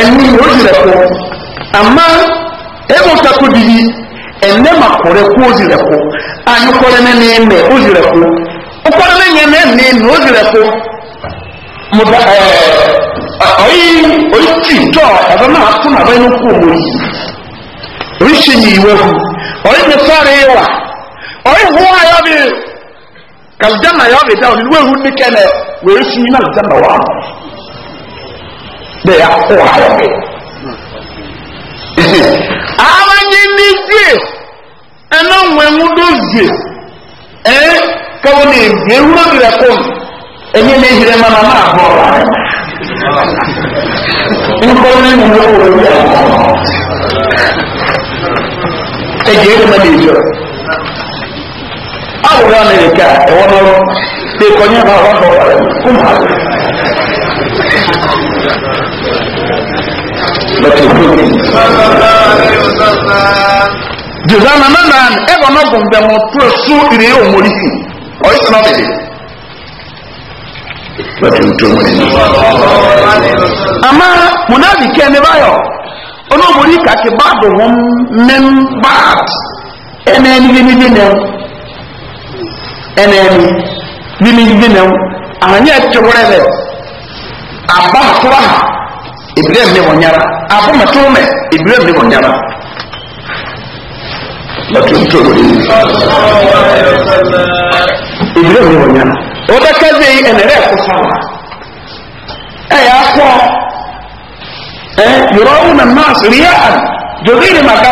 Speaker 2: ẹni yóò jìrẹ̀ kọ́ àmọ́ ẹ̀rọ tako dìbì ẹ̀nẹ́ mà kọ̀rẹ́ kó o jìrẹ̀ àyùkọ́rẹ́ muda ɔyi oyi ti tɔ ɛfɛ na fún na inú kú omo yi oyi se yi iwe hu ɔyi ne sɔre yi wa ɔyi hu ayɔ bi kalijana yɔ bi da omi wehu ne kɛnɛ wee fi na alijana wa bɛ ya hu ayɔ bi awa nye ni kawo ne bi rɛ kɔn. ẹni ẹni ẹhìrẹ máa ma máa bọ̀ nkọ́ ní ìlú ọ̀rọ̀ yà ẹjẹ ẹni máa dèjọ awùrọ̀ ní ìka ẹ̀wọ́ lọ́rọ́ bí ẹ̀kọ́ ní ẹ̀fọ́ àwọn ọ̀rọ̀ rẹ̀ kó ama munafiki ẹni báyọ̀ olóòmùrí kàkí báàbò wọn mẹ́m báàt ẹnẹ ẹni bí níbí nẹ́m ẹnẹ ẹni bí níbí nẹ́m àhányẹ ẹtọwọrẹ bẹ àbá àtọwà ha ìbílẹ̀ mi wọ̀ nyara àbọ̀ mẹ́tọ́ mẹ́ ìbílẹ̀ mi wọ̀ nyara lọ́tún mi wọ̀ nyara. wọ́bẹ́kẹ́ bẹ́ ẹ̀nẹ̀rẹ́ ẹ̀kọ́fà ẹ̀yà akọ́ ẹ̀ yọ̀rọ̀ ọ̀hún náà rí àà jòdì ní màkà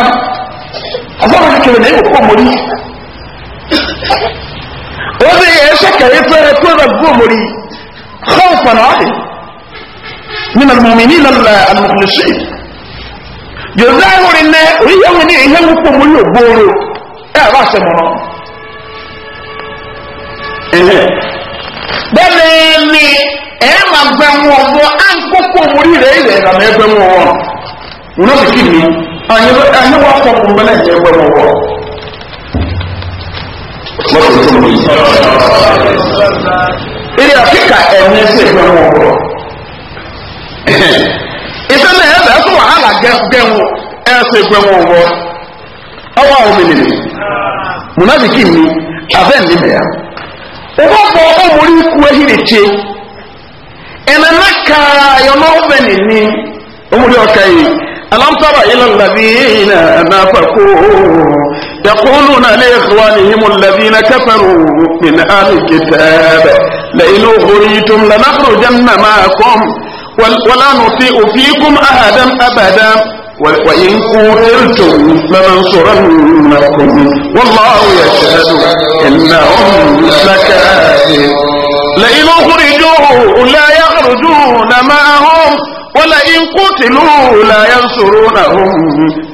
Speaker 2: ọ̀fọ́nà kékeré ní ìwòkọ́ mọ́rí ó bẹ́ yẹ ẹ̀ṣẹ́ kẹrẹ fẹ́rẹ tó rẹ̀ gbọ́ mọ́rí kọ́ọ̀fà náà rẹ̀ nínú àlùmọ̀mí nínú àlùmọ̀kùnrin jòdì àwọn rẹ̀ ní oríyàwó ní ìhẹ́ wọ́pọ̀ mọ́rí ògbóró ẹ̀ bẹ́ẹ̀ ni ẹ máa gbẹ wọn bọ à ń kókó orí rẹ̀ ilẹ̀ ìlànà ẹgbẹ́ wọn wọn wọn sì kí ni àyẹ̀wò akọ fún bẹ́ẹ̀ ẹ̀yẹ ẹgbẹ́ wọn wọn. lọ́sọ̀ àfíkà ẹ̀mí wọn ìfẹ́ ẹ̀ fún wàhálà gẹ̀ẹ́wò wọn ọwọ́ àwọn mi bẹ̀rẹ̀. ụgbọ bụ ụmụrụ ikwu ehiriche ememe ka ya n'ofe nini ụmụrụ ọka yi alam tara ila alladhina nafaqu yaquluna li ikhwanihim alladhina kafaru min ahli alkitab la in ukhrijtum lanakhrujanna ma'akum ولا نطيع فيكم أحدا أبدا وإن قتلتم لننصرنكم والله يشهد إنهم لكاذب لئن أخرجوا لا يخرجون معهم ولئن قتلوا لا ينصرونهم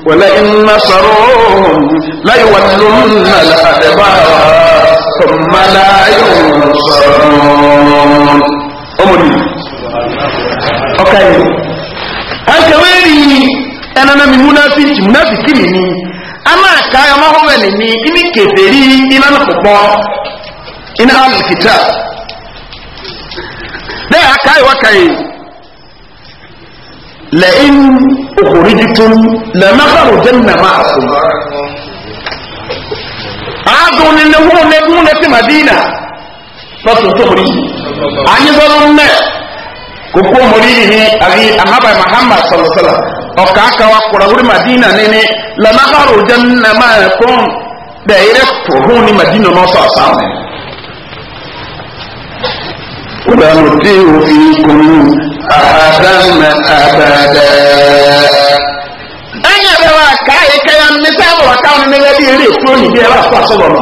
Speaker 2: ولئن نصروهم ليولون الأدبار ثم لا ينصرون munafiki mi ni ama ma howe ni ni ini keferi ina ina al kitab ka akai wakai la in ukhrijtum la nakhrujanna ma'akum aadu ni ne ho ne mu ne ti madina fa to to anyi zo nne. koko muridi ni abi ahaba muhammad sallallahu alaihi wasallam o ka ka wa kura wuri madina ne ne la nagaru janna ma kun da ire to hu ni madina no so asa ne kula nutiu fikum ahadan abada anya be wa ka e ka ya mi sa wa ka ni ne bi ire to ni bi e wa so so no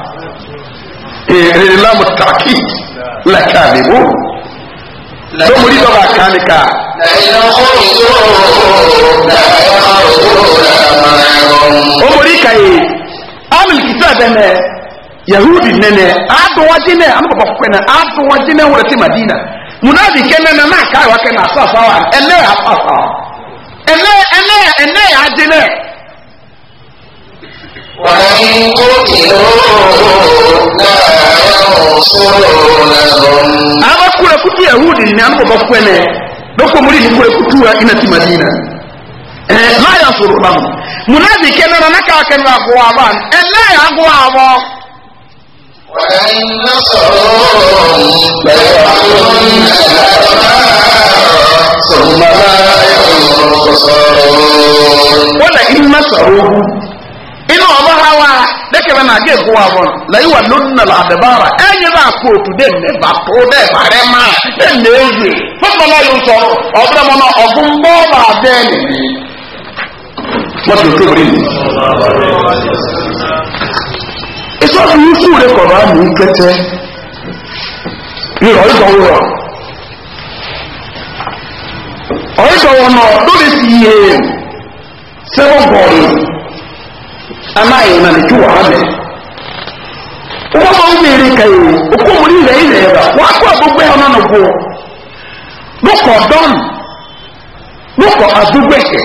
Speaker 2: èrè lámù tàkì lẹ́kàlì wò lọ́mú ní bàbá kan nìka. omori kaye amilkita bẹnẹ yahudi nẹnẹ aduwaji nẹ amukọkọ pẹnẹ aduwaji nẹ wọlé ti madina munadi kẹ nẹnẹ náà káyọ̀ kẹ náà sọ àfáwà ẹnẹ وإن قتلوا لا ينصرونهم abakura kuti yahudi ni ambo bakwene bako kule kutua ina timadina la yasurunam munabi kenana naka kan wa gwaban eh la ya wala in nasarum inu ọba ha na dẹkẹrẹ náà gé ìkó wa bọ lẹyìn wà lónìí nà àdìbára ẹyìn náà kó òtù dé ní bàtó dé bàrẹ máa dé ní ezi fúnpọ̀ náà yóò sọ ọ̀bẹ̀rẹ̀ mọ́nà ọ̀gbun amáyé náà ní kí wọ́n á mẹ́. wọ́n máa ń béèrè kàyé okó mu ní ilẹ̀ ilẹ̀ rà wọ́n á kó ke. ọ̀nà nà bọ̀ lókọ̀ dọ́nù lókọ̀ àdúgbò ẹ̀kẹ́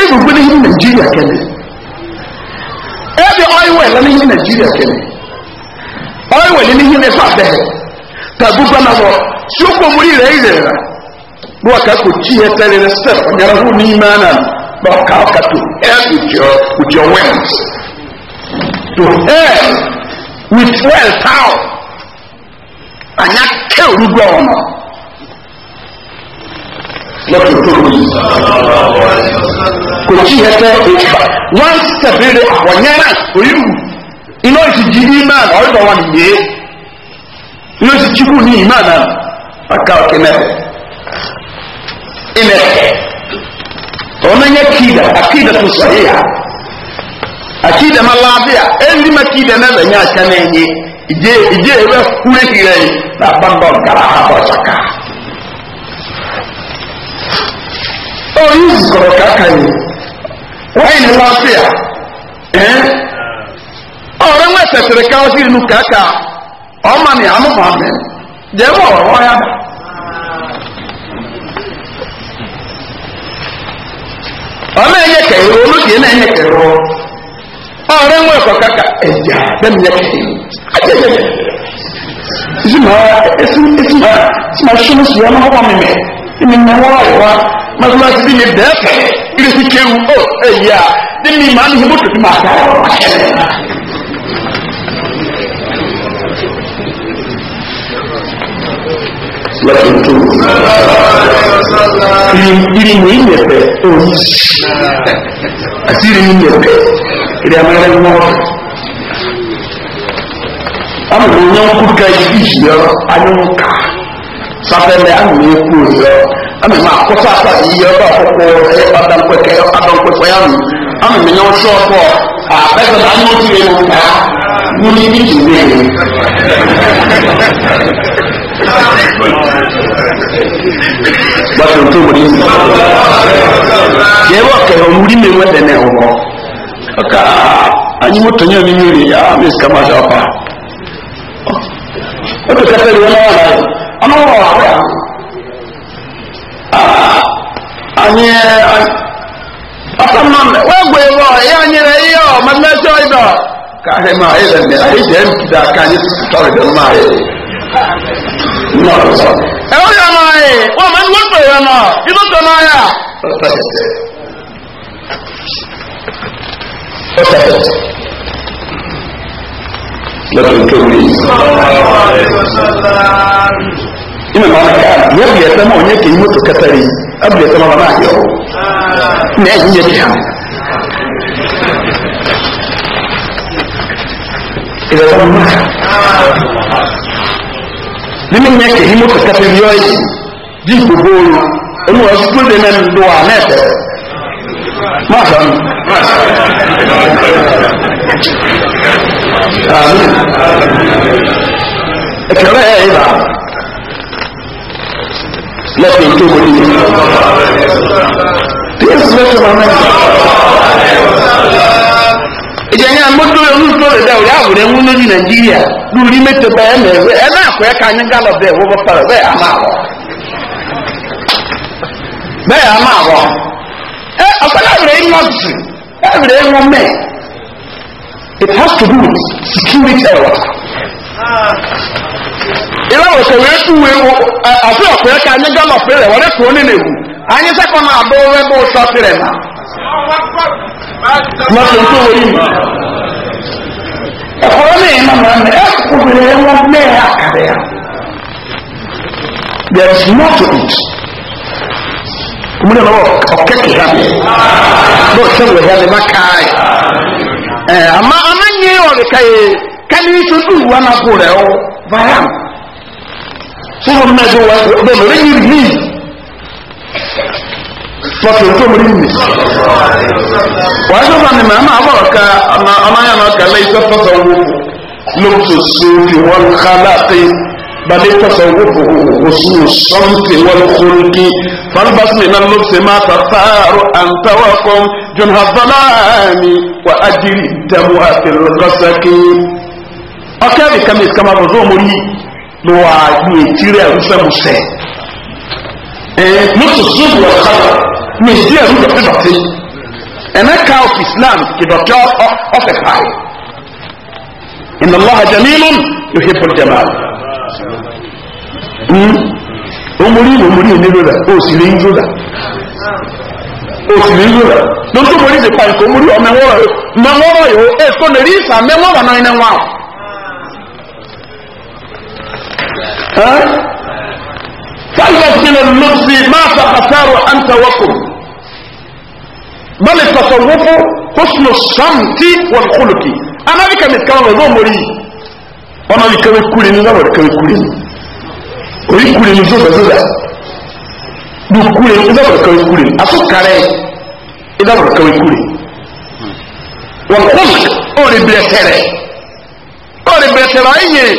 Speaker 2: ebùgbé ní nàìjíríà kẹ́lẹ̀ ẹ̀bí ọ̀yẹ̀wẹ̀ lẹ́nu ní nàìjíríà kẹ́lẹ̀ ọ̀yẹ̀wẹ̀ lẹ́nu ní nípa bẹ́ẹ̀ na náà na. but how to help with your with your wings, to help with wealth how anya kẹ́ orúgbọ́ ọ̀nà lọ́tọ̀ tó rí
Speaker 3: kò tí yẹ fẹ́ ìgbà
Speaker 2: wọ́n sẹ̀bẹ̀rẹ̀ àwọ̀nyẹ́ náà orílù iná ìtìjì imán ọ̀rẹ́dọ̀ wọn nìyé iná ìtìjì kù ní imán náà àkàkẹ́ mẹ́rin ilẹ̀ ومن يكيد أكيدة صحيحة أكيدة ما الله بيا إن ما كيد نبى يا شنيه إجي إجي هو كله كيري لا بندور كراها بوسكا أو يذكر كاكاي وين الله بيا إيه أو ما تتركه في نكاكا أو ما نعمه ما من جمع ورايا ọmọ ẹ̀yẹ kẹ̀rọ olóṣèlú náà ẹ̀yẹ kẹ̀rọ ọ̀rẹ́ wọn ẹ̀kọ́ kàkà ẹ̀yà bẹ́ẹ̀ ni ẹ̀kẹ́ ajẹ́jẹ́ ìsìnmọ̀ ìsìnmọ̀ ìsìnmọ̀ ṣẹ́ni sí ọmọ ọmọ mi mẹ́ ẹ̀mí ni wọ́n wà wá mọ̀tòmọ́ ti bí mi bẹ́ẹ̀ fẹ́ bí mi ti kéwu ó ẹ̀yà bí mi máa ń yẹ mọ́tò tó máa dá ọ̀rọ̀ lọ́tọ̀ọ̀tọ̀ ìrìn ní ìyẹ̀pẹ̀ òní àti ìrìn ní ìyẹ̀pẹ̀ ìrìn amẹ́rẹ́ mọ́ amòrò yẹn kú ká yìí yọ anyọ̀ká sáfẹ́lẹ́ amòrò yẹn kú yọ amòrò akọ́sọ àtà yìí yọ bá àkọ́kọ́ ẹ̀ adankwẹ́kẹ́ adankwẹ́kọ́ yà mí amòrò yẹn sọ ọ̀pọ̀ àbẹ́sẹ̀ anyọ̀tì yẹn mọ̀ bàtò tó wòle yìí yẹ bọ kẹrọ wúri mi wọ dẹnẹ wọ ọkà anyi wọtọ nyẹ mi nyere ya mi sika ma sọ ọkọ ọtọ kẹtẹ ni wọn náà wà ọmọ wọn wà wọ anyi ọkọ mọ mẹ wọn gbé wọ ẹ anyi rẹ yíyọ ọmọ mẹsọ ìdọ káhẹ máa ẹ lẹ mẹ àyè jẹ ẹ ti dà ká anyi tọrọ ìdọ mọ ẹ wọ́n yà máa yẹ wọ́n máa ní wọ́n pè é náà inú tó náà yà. lọ́dún tó wí. ina ma na kaa ne bi yɛsɛ ma ɔnyɛ kɛyi moto katari abu yɛsɛ ma ba na ayɛ o na ɛyi yɛ bi ha ìrẹ̀lẹ̀ mímí nyɛ kì í mú kẹkẹtẹ bí ọ yìí bí gbogbo yìí ọmọ wọn sukuu de nà do wa nà ẹsẹ má sọ mi. ekele ya ịba lọtọ ntọ mo ni. Tí Yesu bẹ sọ ma mẹ. mọ́tò ẹ̀ lóṣù lórí ẹ̀dá òrí àwòrán ẹ̀hún lórí nàìjíríà lórí mẹ́tò bẹ́ẹ̀ ya ẹ̀ náà kọ́ ẹ̀ ká ní gálọ̀ bẹ́ẹ̀ wọ́n bọ́ parọ́ bẹ́ẹ̀ á máa wọ̀ bẹ́ẹ̀ á máa wọ̀ it has to do with security anyi sɛ kɔn abo wɛ bo sɔ tirɛ ma kuma sɛ nto wɔ yi ɛkɔrɔ ne yɛ mama mɛ ɛkɔ bere yɛ wɔ mɛ yɛ akadɛ there is more to it kumuna lɔwɔ ɔkɛkɛ ha n'o tɛ wɔ ha ne ba kaa yi ɛɛ ama ama nye ɔde ka ye kani so du wa na ko rɛ o vayam sɔrɔ mɛ so wa bɛ mɛ o lọ́sọ̀ tó mú rí nì. wàá sọ fún mi màmá àbọ̀rọ̀ ká ọmọnyá náà kà lẹ́yìn tó tọ́sọ̀ wò ló tó so fi wọn ká láti balẹ̀ tọ́sọ̀ wò fò oṣù sọ́ǹtì wọn kúrúkì falbasi nina lóbsè má ta sáárò àǹtàwọ̀ kan jùnà fọláàmì wà á jírí dàmú àti lọ́sàkì. ọkẹ́ mi kàmi kàmá bọ̀ zọ́ mo yí ló wà á yí ètí rẹ̀ ń fẹ́ mu sẹ́. ẹ̀ ló tó so fi wọn ká láti ní ìdí ẹ̀rú dọ̀tídọ̀tí ẹ̀mẹ́ka of islam ìdọ̀tí ọ̀fẹ́ pààyè ìnà lọ́ha jẹ́mílùm yóò hẹ́pọ̀ jẹ́mà omori ni omori ni lóra o sì lè ń lóra o sì lè ń lóra ló tó mori sì pàǹtó omori ọmọ ẹwọ́rọ̀ mẹwọ́rọ̀ yìí ó èso lè rí ìsà mẹwọ́rọ̀ náà ẹni wọn. فليس من اللبس ما فقتار أنت وكم bal tasawufu husnu samti wal khuluqi ana bi kamis kawo go mori ona bi kawe kuri ni zawo kawe kuri ni ori kuri ni zoza zoza du kuri ni zawo kawe kuri ni aso kare idawo kawe kuri wal khuluq ori blesere ori blesere ayi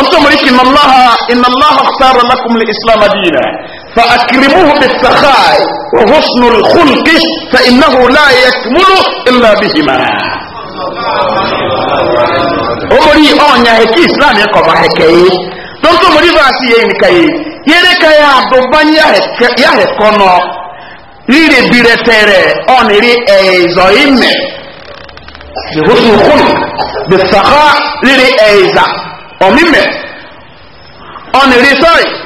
Speaker 2: onto mori kin allah inna allah ikhtara lakum al islam dinan فأكرموه بالسخاء وحسن الخلق فإنه لا يكمل إلا بهما أقولي أن يهكي إسلام يقف حكي تنتم ريبا سيين كي يريك يا دوبان يهكونا ليري بيرتere أن يري إيزوين يهسن الخلق بالسخاء ليري إيزا أميمة أن يري سوي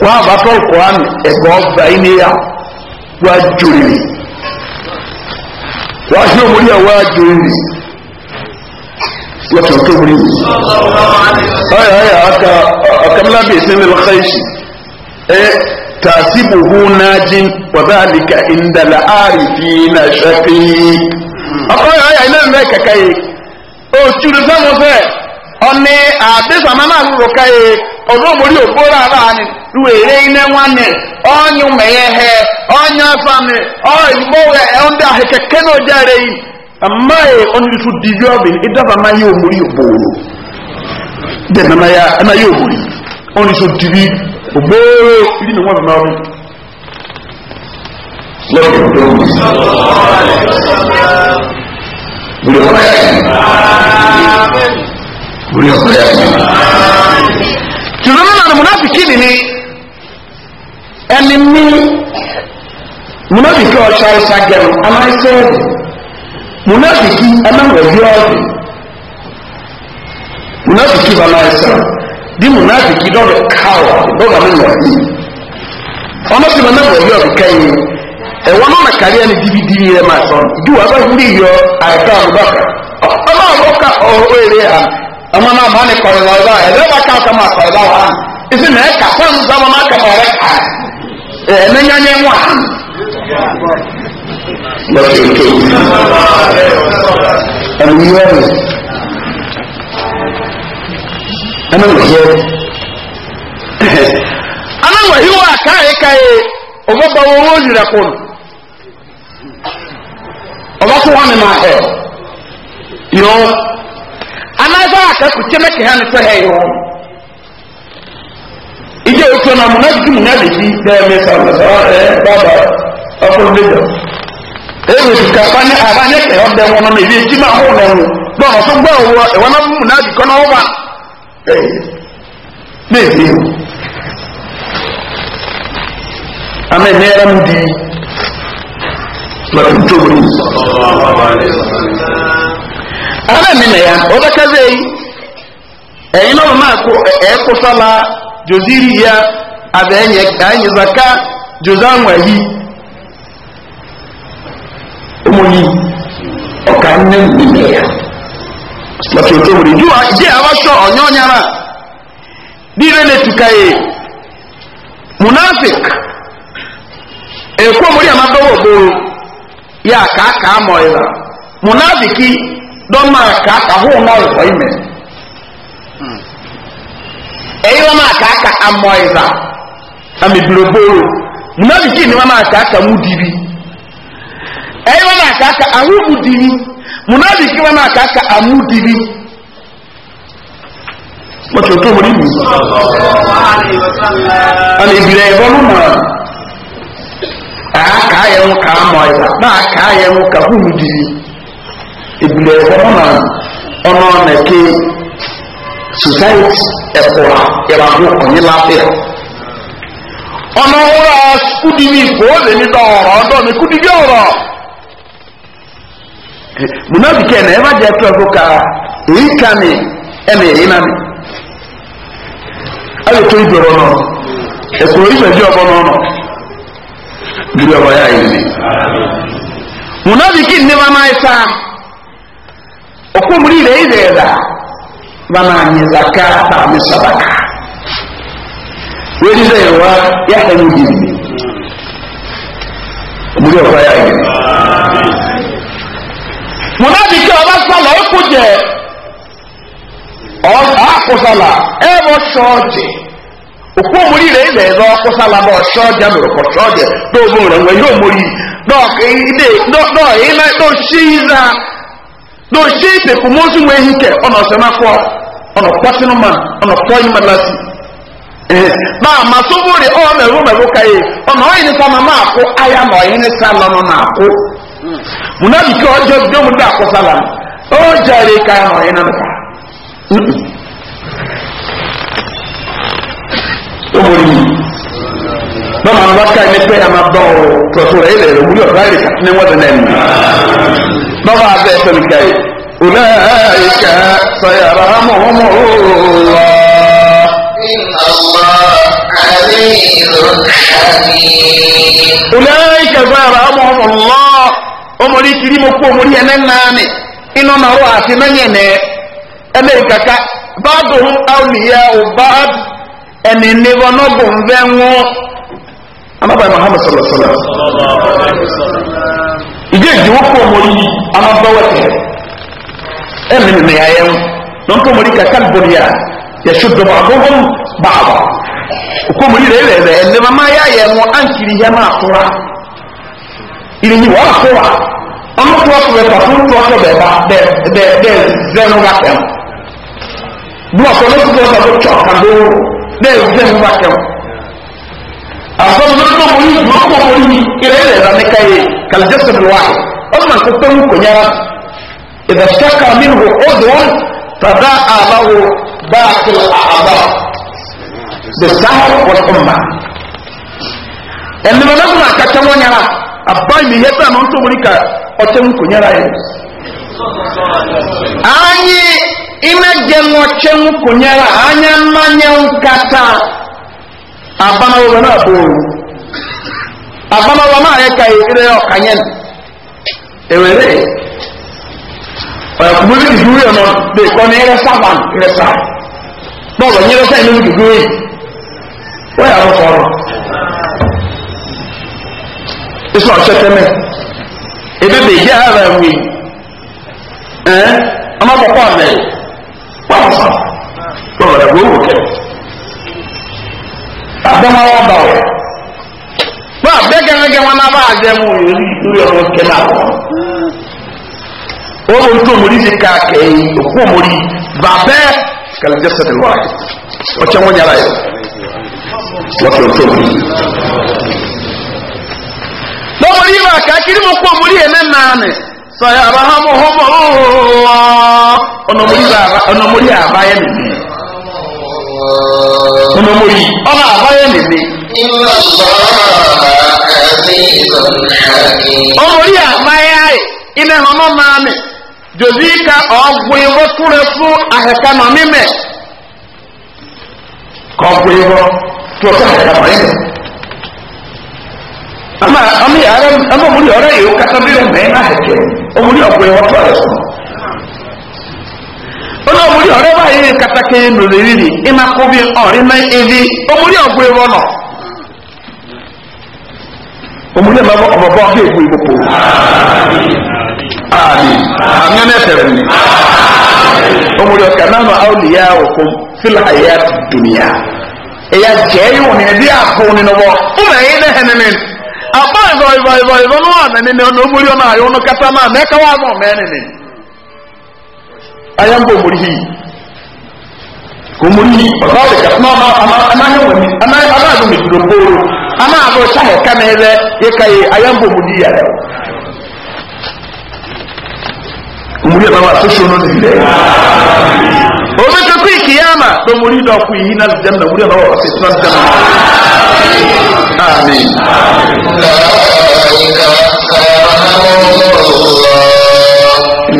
Speaker 2: wọn àbátọ koran ẹgbẹ ọgbà yìí níyà wọn àjòyè wọn àti òmùrí ẹ wọn àjòyè wọn tó tó wúri. ọyà ọyà ọkà ọkàmìlá bíi sinmi lọkà yìí ẹ tàṣìbùhù nájìn wàdàlìkà ìndàlà àrífínà ṣàfihì. ọkọ ọyà ọyà ilé mi kẹkẹ yìí oṣù tó sọmọ fẹ ọ ní àdéṣàmánà àrùrọ káyé. ọdún mori okporo ala ru were iná wánì ọ̀nyún mẹ̀yẹ̀hẹ ọ̀nyún afáàmì ọ̀ìgbọ́wẹ̀ ndị kẹ̀kẹ́ náà járe yìí amaghị onye ọ̀nìtú dìbí ọ̀bìn ìdábà máa yẹ òmori ògbòòrò dẹ̀nà máa yẹ ẹ̀nà yẹ òmori ọ̀nà mùnàfíkì nìní ẹni ní mùnàfíkì ọ̀ṣọ́ ẹ̀ṣá gẹ̀rù aláìsẹ́ ẹ̀rù mùnàfíkì ẹ̀mẹ́wẹ̀ẹ́bí ọ̀dù mùnàfíkì bá aláìsẹ́ bí mùnàfíkì dọ́dọ̀ káwọ̀ dọ́dọ̀ nínú ọ̀dù ọmọ sì mẹ́wẹ̀ẹ́bí ọ̀dù kẹ́yìn ẹ̀wọ́n náà kàrí ẹni dìbìdìbì rẹ̀ máa sọ ìdíwọ̀ abáwúrí yọ àìká àbúbákà ọmọ àbúkà ọ̀rọ̀ èrè hàn ama na ama ne kɔrɔdɔ ba ɛdɛ ba ka kama kɔrɔdɔ wa ha esi na ɛka fɛn nsaba na kama ɔrɛ ka ɛɛ ne nya nyɛ wa ha. ɛnu yɛ no ɛnu yɛ ana wɔ hi wa kaa ka ye ɔbɛ ba wɔ wɔn yira ko no ɔbɛ so wɔn ne ma hɛ yɔ. anaghịkwa aka kuche meke ha n'ekwe ha ọrụ ije otu na munafiki munafiki na-eme sọrọsọ e, baba ọkụ ndịda ewezụka kpanye abanye ka ọ dị nwụrụ na-ebi eti ma ahụ na e nwụ na ọsọ mgbe ọwụwa ewe na munafiki na na ihu na m di maka ara mi na ya ọdakaze yi ẹyin náà ya àbẹ zaka jòzánwà yìí ọmọnì ọkà nne mi na ya lọtọ tó wòle ju àjẹ àwọsọ ọnyọnyara díire munafik èkó mórí ka munafiki. dɔn hmm. maa kaa ka hoo na ɔyɔ yi mɛ ɛyi wɔn maa kaa ka amɔyiza amebiroboro munafiki ni wɔn maa kaa ka mu dibi ɛyi wɔn maa kaa ka ahuhu dibi munafiki wɔn maa kaa ka amu dibi mɔtɔ tó wòle mi ɔlɛ ebire ɛfɔ mu mu a kaa yɛ ŋu kaa mɔyiza naa kaa yɛ ŋu ka huhu dibi. ebile ɛhɔ na ɔno na ke society ɛkora ɛrago ɔnye lafiya ɔno wura kudini kóòlè ni dɔɔrɔ ɔdɔni kudini ɔrɔ munabi kɛ na ɛma jɛ tó ɛfo ka èyí ka mi ɛna èyí na mi ayò tó ibèrè ɔnɔ ɛkòrò ìfɛ̀dí ɔbɔ n'ɔnɔ bíbí ɔbɔ yà yìí ni munabi kí ni ma náà yìí sabaka okumulira ebeera bamanye zaka bame sadaka werizeewa yahamudiri omuli okwayagire munabike obasala ekuje akusala ebo shoje okumulira ebeera okusala boshoja norokosoje dobola nga ire omuli doyina doshiiza na o ṣe ìpèkù mọ́sù wọ ehi kẹ ọ̀nà ọ̀sẹ̀máfọ́ ọ̀nà pọ́sínú ma ọ̀nà pọ́yì ma na máa ma sọ́wọ́ ka ma máa kó ayá ma ọ̀yìn ní sálọ nọ náà kó. múnábì kí ọjọ́ gbé mu dá àkọ́ sálà ó jẹ́rìí káyá ma bọ́n ma bá káyìí pé a máa bọ́ ọ tọ̀tọ̀ rẹ̀ ilẹ̀ rẹ̀ wúlò ráyè ní wọ́n dẹ̀ nẹ́ẹ̀mí. bọ́n bá bẹ́ẹ̀ sọ nìkan yìí ọ̀nà ìka sọ̀yàrá mọ̀mọ́ lọ. ọ̀nà ìka sọ̀yàrá mọ̀mọ́ lọ. ọmọdé kiri mo kó ọmọdé yẹn nánì iná náà wà àti mẹ́yìn nẹ́ ẹlẹ́yìn kàkà bá dùn áwòlìyà ò bá ẹni níbọn náà anaba muhammad sallallahu alaihi wasallam ìjẹ ìdíwọ́ kọ́ ọmọ yìí amábáwọ̀ tẹ̀ ẹ̀ mi nìyẹn ayẹ́ wọn lọ́n ọmọ yìí kàkà bọ̀dìyà yẹ ṣe dọ̀bọ̀ àbọ̀bọ̀n báwọ̀ kọ́ ọmọ yìí rẹ̀ rẹ̀ rẹ̀ ẹ̀ lẹ́mọ̀ máa yẹ wọn á ń kiri yẹ máa tóra yìí wọ́n á tóra ọmọ tó ọkọ̀ rẹ̀ pàtó tó ọkọ̀ bẹ̀ bá bẹ̀ bẹ̀ zẹ́nu bá tẹ̀ wọn bí wọ́n sọ asọ́nùdọ́dọ́ mọ̀ ní burúkú mọ̀ ní ilẹ̀ ilẹ̀ rẹ̀ ní káyé kàlẹ́jẹsẹ̀ mi wáyé ọ̀nà kó pẹ́ wù kònyára ìdàṣẹ́ka mìíràn ọ̀dùn tàdá àbáwo bá a ti àbá the sahel wọ́n ọ̀mà ẹ̀mí mọ̀nà fún àkàtà wọn yàrá àbá mi yẹ bá àwọn tó wọlé ka ọ̀tẹ̀ wù kònyára yẹn. anyi ina jẹ́ wọn kyẹ́ wù kònyára anya mmanya nkata. abanawo bɛ naa booro abanawo naa yɛ ka ere yɛ no ewere ɔyɛ kumu bi yɛ no de kɔ ne yɛrɛ sa ban yɛrɛ sa bɔɔlɔ n yɛrɛ sa yɛ no duuru yɛ wɔyɛ awo fɔlɔ esu ɔkyɛ tɛmɛ ebe bɛ gye ara ɛn amɛ abẹ́wọn wọn bá wọ. Bá bẹ́ gẹ́gẹ́ wọn náà bá àjẹ́ mu lórí lórí ọ̀rọ̀ ka kẹ́yìn òkú mórí bàbẹ́ kàlẹ́jẹ́ sẹ́tẹ̀ wá. Ọ̀kẹ́ wọn yàrá yẹ. Wọ́n fi kiri ọmọ mo yìí ọmọ na nìmi. ọmọ orí àbáyé ayé iná ẹ̀hán náà máa mi jòzí ka ọ̀gbìn ìwọ túnrẹ fún àhẹ̀ká náà mímẹ̀ kọ̀ọ̀gbìn ìwọ tó ọ̀sán àhẹ̀ká náà mímẹ̀. ama ami ara ama mo ọmọ olóòmùrí ọ̀rẹ́ báyìí kàtàkì lòlè rírì ìmá kó bí ọ̀rẹ́ náà evi omùrí ọ̀gbọ̀ ẹ̀rọ nọ. omùrí ẹ̀ máa bọ́ ọ̀bọ̀ bọ́ ọ̀gbẹ́ ìgbò ìgbòpò. àmì àmì ẹ̀ tẹ̀rù ni. omùrí ọ̀kà náà nọ àwọn ìyá òkú fílà ẹ̀yà dùnìyà. ẹ̀yà jẹ́ ìwọ̀n ni ẹ̀dí àpò ni nọ wọ́ fúnra ẹ̀yìn náà hẹ́ni ni. àpá ìbọ̀ ìbọ̀ ìbọ̀ ayambo murihi ko murihi bawle ka ma ma ama ama ne woni ama ama do mi do boro ama abo sha he ka mele ye kai ayambo murihi ya le murihi ba wa so shono ni le o be to kwi kiyama do murihi do kwi hina janna murihi ba wa so tran janna amin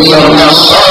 Speaker 2: amin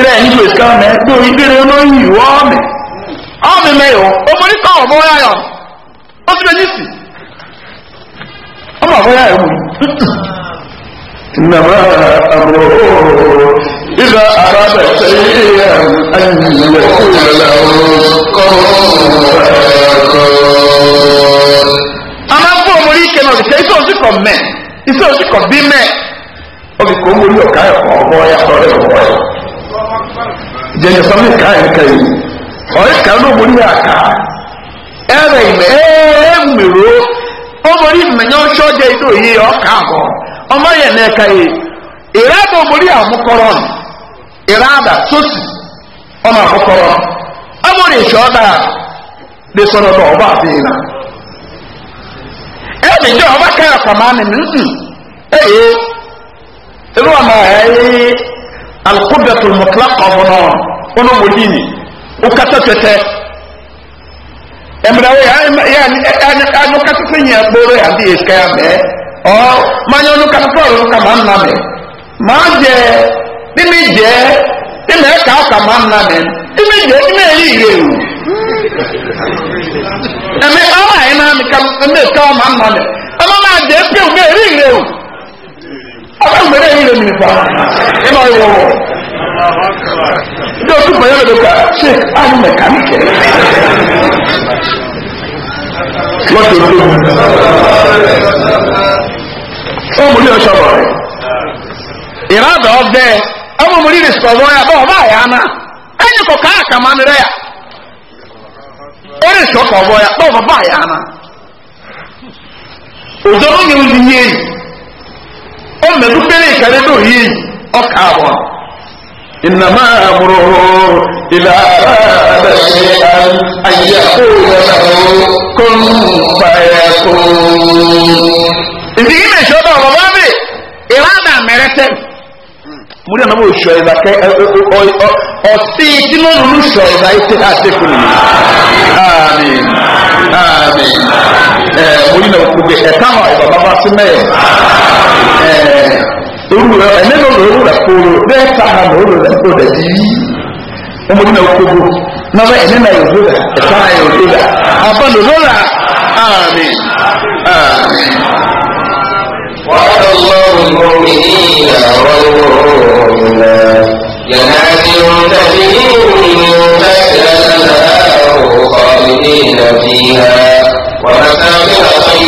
Speaker 2: ilé ẹ̀yìn tó ìsìká mẹ́ tó ìgbére olóyìn ìwọ́ ọ̀mẹ́ ọ̀mẹ́ mẹ́yọ̀ ọmọdé kọ́ ọ̀bọ̀ yáyọ̀ ó sì lè sí ọmọ ọ̀bọ̀ yáyọ̀ mú nàmà àbúrò ìgbà àbábẹ̀ tẹ̀lé ẹ̀yìnlẹ̀ kúlẹ̀lẹ̀ ọkọ̀ ọmọ fún ọmọdé ìkẹ́ náà ìkẹ́ bí mú ilé ẹ̀kọ́ jẹjẹ sọ ní ká ẹ̀ka ọ̀rẹ́ kan náà mo ní àká ẹ̀rẹ̀ ìmẹ̀ ẹ̀ẹ́ mèrò ọmọ rí mẹ̀yàn ọṣọ́ jẹ inú yìí ọkà àbọ̀ ọmọ yẹn náà ẹ̀ka yìí ìrẹ́ àbọ̀ mo rí àmúkọ́rọ̀ ìrẹ́ àdà sósì ọmọ àmúkọ́rọ̀ ọmọ rí ìṣọ́ dà lè sọ̀rọ̀ ọba ẹ̀mí jẹ́ ọba alqudratu almutlaqa bono ono modini o kata tete emra we ya ya no kata tenya boro ya di eska ya be o manyo no kata boro no kama na me ma je bi mi je bi me ka ka ma na me bi mi je bi me yi ye o na me ama ina mi ka me ka ma na me ama ma je pe o me ri re o ọkọ mẹrẹ yìí na mìíràn báwọn ẹ máa yọ wọ. otu banyere dọkọ ṣe anyị mekaniki. Lọ́tọ̀ tó mú. Ó mú ní ọ̀ṣọ́ bọ̀ ya bọ̀ ọba àyà na Ẹni kọ̀ káà kà máa nírẹ̀ yà. Ó rì sọ̀kọ̀ ya bọ̀ ọba àyà náà. Òjò ń yẹ ojú yẹ ọmọ ẹ̀dùn péré ìkàrí inna ma ọkà àwọn ìnàmá àmúrò ìlà àbẹ̀ṣe àyẹ̀kó ìyàwó kó ń pa ẹ̀kọ́. ìdíyí mèṣọ́ náà wọ́n wá bè ìlànà mẹ́rẹ́tẹ́ mo ní ànáwó oṣù ẹ̀dá kẹ ọtí tí ló lulú sọ ẹ̀dá ètè àti èkúrò mi amen amen ẹ mo ní ànáwó kúgbẹ ẹ̀ka hàn ìbàbá bá sí mẹ́yọ̀. ewúrẹ́ ẹ̀mí ló lọ ewúrẹ́ kóró bẹ́ẹ̀ ta ha lọ ewúrẹ́ kóró dẹ̀ bí ọmọ nínú kóró náà ẹ̀mí náà yóò dóra ẹ̀ta náà yóò dóra àbá ló lọ́ra àmì àmì. وعد الله المؤمنين والمؤمنات جنات تجري من تحتها الانهار خالدين فيها ومساكن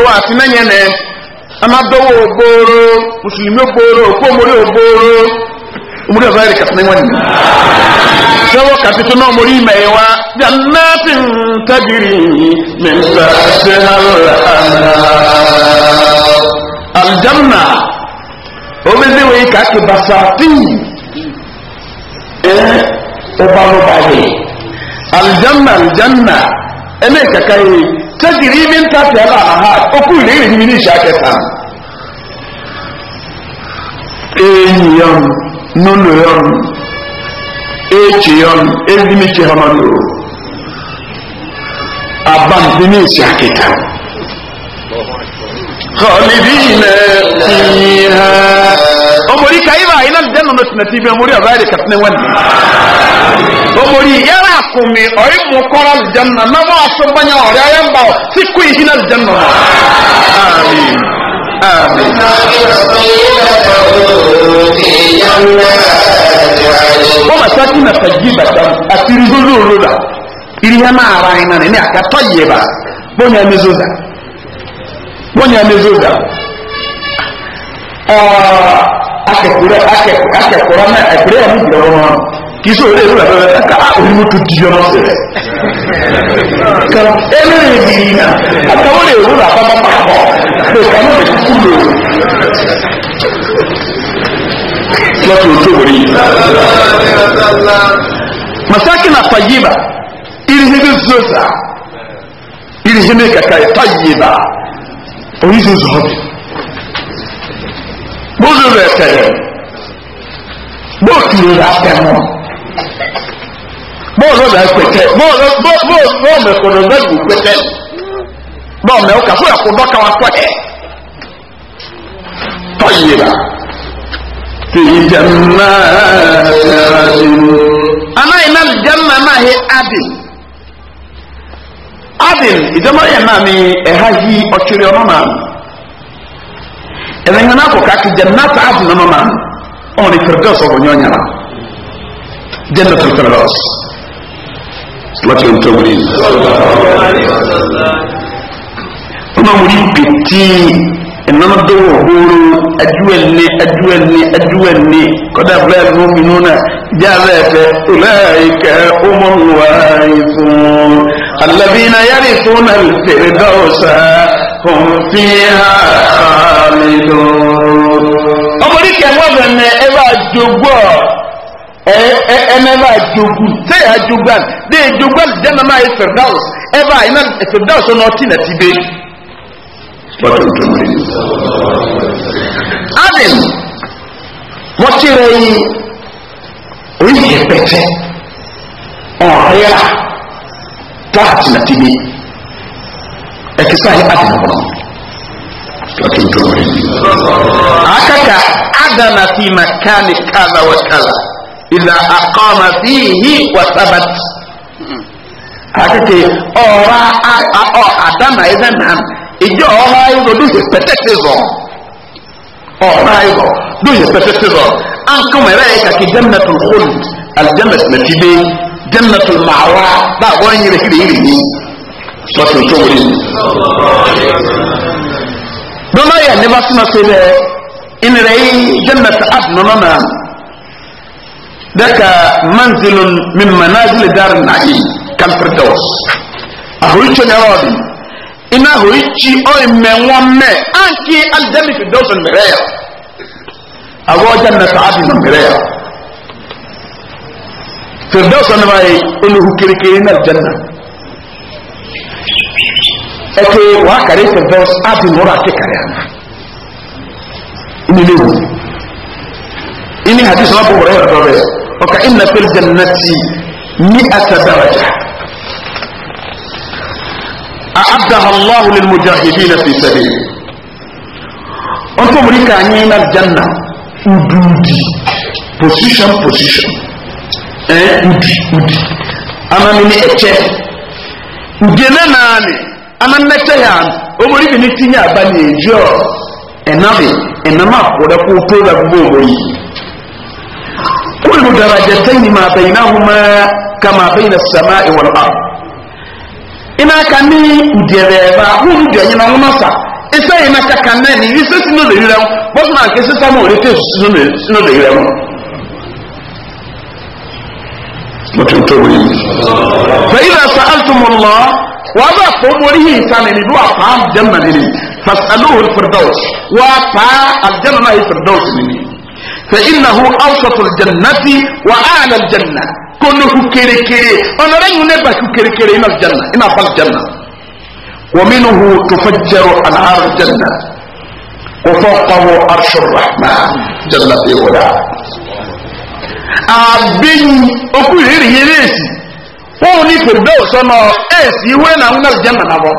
Speaker 2: ọrụ asị menye na amadowo ogboro musulmi ogboro okomori ogboro omori ọzọ yẹrẹ kẹsàn-án wọn ni sọwọ kàtútù náà omori mẹyẹ wa jannati ntabiri mẹta sehara aljanna omezewe yi kàkì basati ẹ ọba lọba yẹ aljanna aljanna ẹ náà kàkà yẹ tẹ́sìrì mi ń tàbí ẹ̀ náà ha okú ìlérí mi ní ìṣá kẹta. Eyi yọnu, nunu yọnu, eche yọnu, ezimike ọmọdé o. Abam bi ní ìṣá kẹta. Kọ̀lìbí ilẹ̀ ti ha. Ọmọdé kàyí báyìí náà dẹ́nu ló ti nà ti fi ọmọdé ọ̀bá yẹn kàtí ní wọ́n ni omori yɛrɛ akumi ɔyi mu kɔrɔ alijanna nama asopanya ɔrɛ ayɛ mba o ti ko ihi na alijanna ma amin amin. wọ́n sá kí na fàjì bàtà àti rizolo rola ìrìhà máa ara yín náà ní àkàtọ́ yìí bá wọ́n yà mẹ́zọ́dà wọ́n yà mẹ́zọ́dà akẹ́kọ̀ọ́ akẹ́kọ̀ọ́ náà ẹ̀kúrẹ́ yà mí jẹ́ wọ́n náà kì í sọ òde ìwúrẹ́ pẹ́pẹ́ ká onímọ̀ tó di ọmọ sí rẹ̀ kẹrọ eléyìí ni iná àtàwọn lè wúrà pápá pàpọ̀ lè kàmú lè kú lò lọ́tù tó wòrí. masakin afayiba irihimi zoza irihimi kaka ifayiba oríṣi zọ́ọ̀bì bó ló rẹ̀ tẹ̀lé bó kìlọ̀ rẹ̀ tẹ̀lé bọ́ọ̀lù ọ̀dà pẹ̀tẹ́ bọ́ọ̀lù ẹ̀kọ́dọ̀ ọ̀dà ìgbò pẹ̀tẹ́ bọ́ọ̀lù ẹ̀kọ́ fún ẹ̀kọ́ dọ́ka wa pọ̀ ẹ̀ tọ́yì rà fi jẹ́mà anáyìnà jẹ́mà náà yẹ adìn adìn ìjọba yẹn náà ni ẹ̀ha yí ọ̀kyerẹ́ ọmọ náà ẹ̀rẹ̀ yẹn náà kọ̀ káàkiri jẹ́mà náà ta adìn ọmọ náà ọmọ ní fẹ̀rẹ̀dẹ́ ọ̀sọ̀ jannat al-firdaus láti ohun tó wuli. kuma wuli piti ẹnana dọwọ horo aduwẹl ni aduwẹl ni aduwẹl ni kọdà bẹẹ ló minú na jaabẹ fẹ ọlọ́ọ̀ẹ́kẹ́ ọmọ wàá fún alabina yari fún al-firdaus hùn fi hà kàlídùn. ọmọdé kẹwàá bẹ̀rẹ̀ ẹ bá jogbo ɛnɛba jogun sɛyɛ ajogun de jogun alijana naa yɛ firdaus ɛba ayi na firdaus na ɔti na ti be. adam wɔkyerɛ yi oyi yɛ pɛtɛ ɔhɛa taati na ti be ɛkisa yɛ adam wɔn. akaka adana fi makani kadha wa kadha ìlà àkọ́mà sí ìhí wàsábàt. àkèké ọ̀rọ̀ ọ̀ àdámà ẹ̀dá nà ìjọ ọ̀rọ̀ ayọ̀ ló yẹ pẹ́tẹ́tẹ́ zọ. ọ̀rọ̀ ayọ̀ ló yẹ pẹ́tẹ́tẹ́ zọ. ànkọ́mọ̀ ẹ̀rẹ́ yẹ kàkí jẹ́mẹ̀tò hóòlù aljẹ́mẹ̀tò mẹ́tìdé jẹ́mẹ̀tò màwá báwo ń yẹrẹ kiri yìí nìyí sọ́tò tó wọlé. dọ́lá yà ní bá súnmọ́ sí rẹ̀ ìnira yìí jẹ́mẹ̀tò àdùnnà náà daka manzilun min manazil dar na'i kal firdaus ahuricho ne wadi ina hurichi o me won me anki al dami firdaus al miraya awo jannat adin al miraya firdaus ne bai ulu hukirkirin al janna ake wa kare firdaus adin wora ke kare ana ini ne ini hadis rabu hurairah radhiyallahu ọkà ìnà fún jannati ní àtàdárajà àádáhàláhù lè mujahidi na fi sẹ́bi ọkọ̀ mú ríkà ní iná janna
Speaker 3: ududi
Speaker 2: position position ẹ̀ eh, udi udi anami ní ẹ̀kyẹ́ ugene naani anamẹkyẹ yan omori bi ni tinye abali ejo ẹnami ẹnam akọrẹ kó tó rẹ gbogbo omori yìí. كل درجتين ما بينهما كما بين السماء والأرض إنا كاني أديريبا هم جاينا ومسا إسا إنا كانني إسا سنو ليلم بسنا كيسا سامو ريتي سنو ليلم فإذا سألتم الله وذا قبره كان يدعى طعام جنة لي فاسألوه الفردوس وطعام الجنة الفردوس مني فإنه أوسط الجنة وأعلى الجنة كونه كيري كيري أنا لا ينبع كيري كيري إلى الجنة إلى الجنة ومنه تفجر أنهار الجنة وفوقه عرش الرحمن جل في علاه abin okun riri yere esi wọn ni pẹlú sọnà ẹsì ìwé náà ń nàlẹ jẹnà nàbọ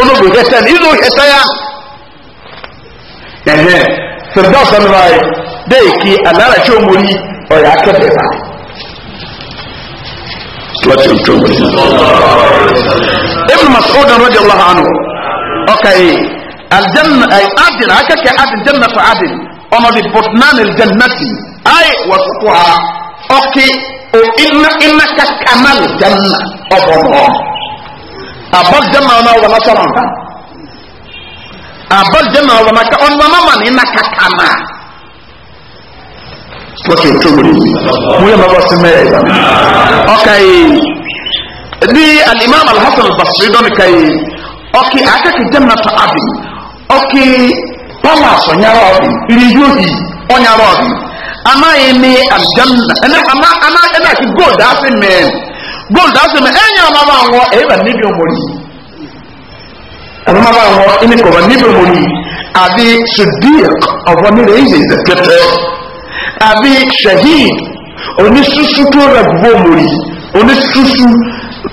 Speaker 2: olóògbé kẹsẹ ní ìlú ẹsẹ ya ẹhẹ firdausa ni ba yi dai ki alara ce muri o ya ka bai ba tuwatin tumuri ibn mas'ud radiyallahu anhu okay aljanna ay adil haka ke adil jannatu adil ono bi butnan aljannati ay wa suquha okay o inna innaka kamal janna obo abal janna na wala salama abalijana ọlọmọ ká ọlọmọ mani na kakana fọkì ntòmùrì mo yẹ mabọ sí mẹyẹ ìgbà ọkà yìí ní alimam alhassan basiri dọ́ni ká yìí ọkì akẹ́kẹ́ jẹ́mìnà tó abì ọkì palace ọ̀nyára ọ̀bì ìrìyú yìí ọ̀nyára ọ̀bì amáyé ní alijanna ama ama àmà ẹnẹ àti gold àti mẹ gold àti mẹ ẹ̀yìn àmàmà àwọn ẹ̀yìn bá níbi ọmọ yìí ọmọ bá wọn ẹni kọ̀ọ̀bà níbẹ̀ mọ̀ ní àbí sùdíẹ̀k ọ̀bọ̀ nílẹ̀ ẹ̀yẹ ìdẹ̀kẹtẹ̀ àbí shahid oníṣúṣú tó rẹ̀ gbogbo mọ̀ ní oníṣúṣú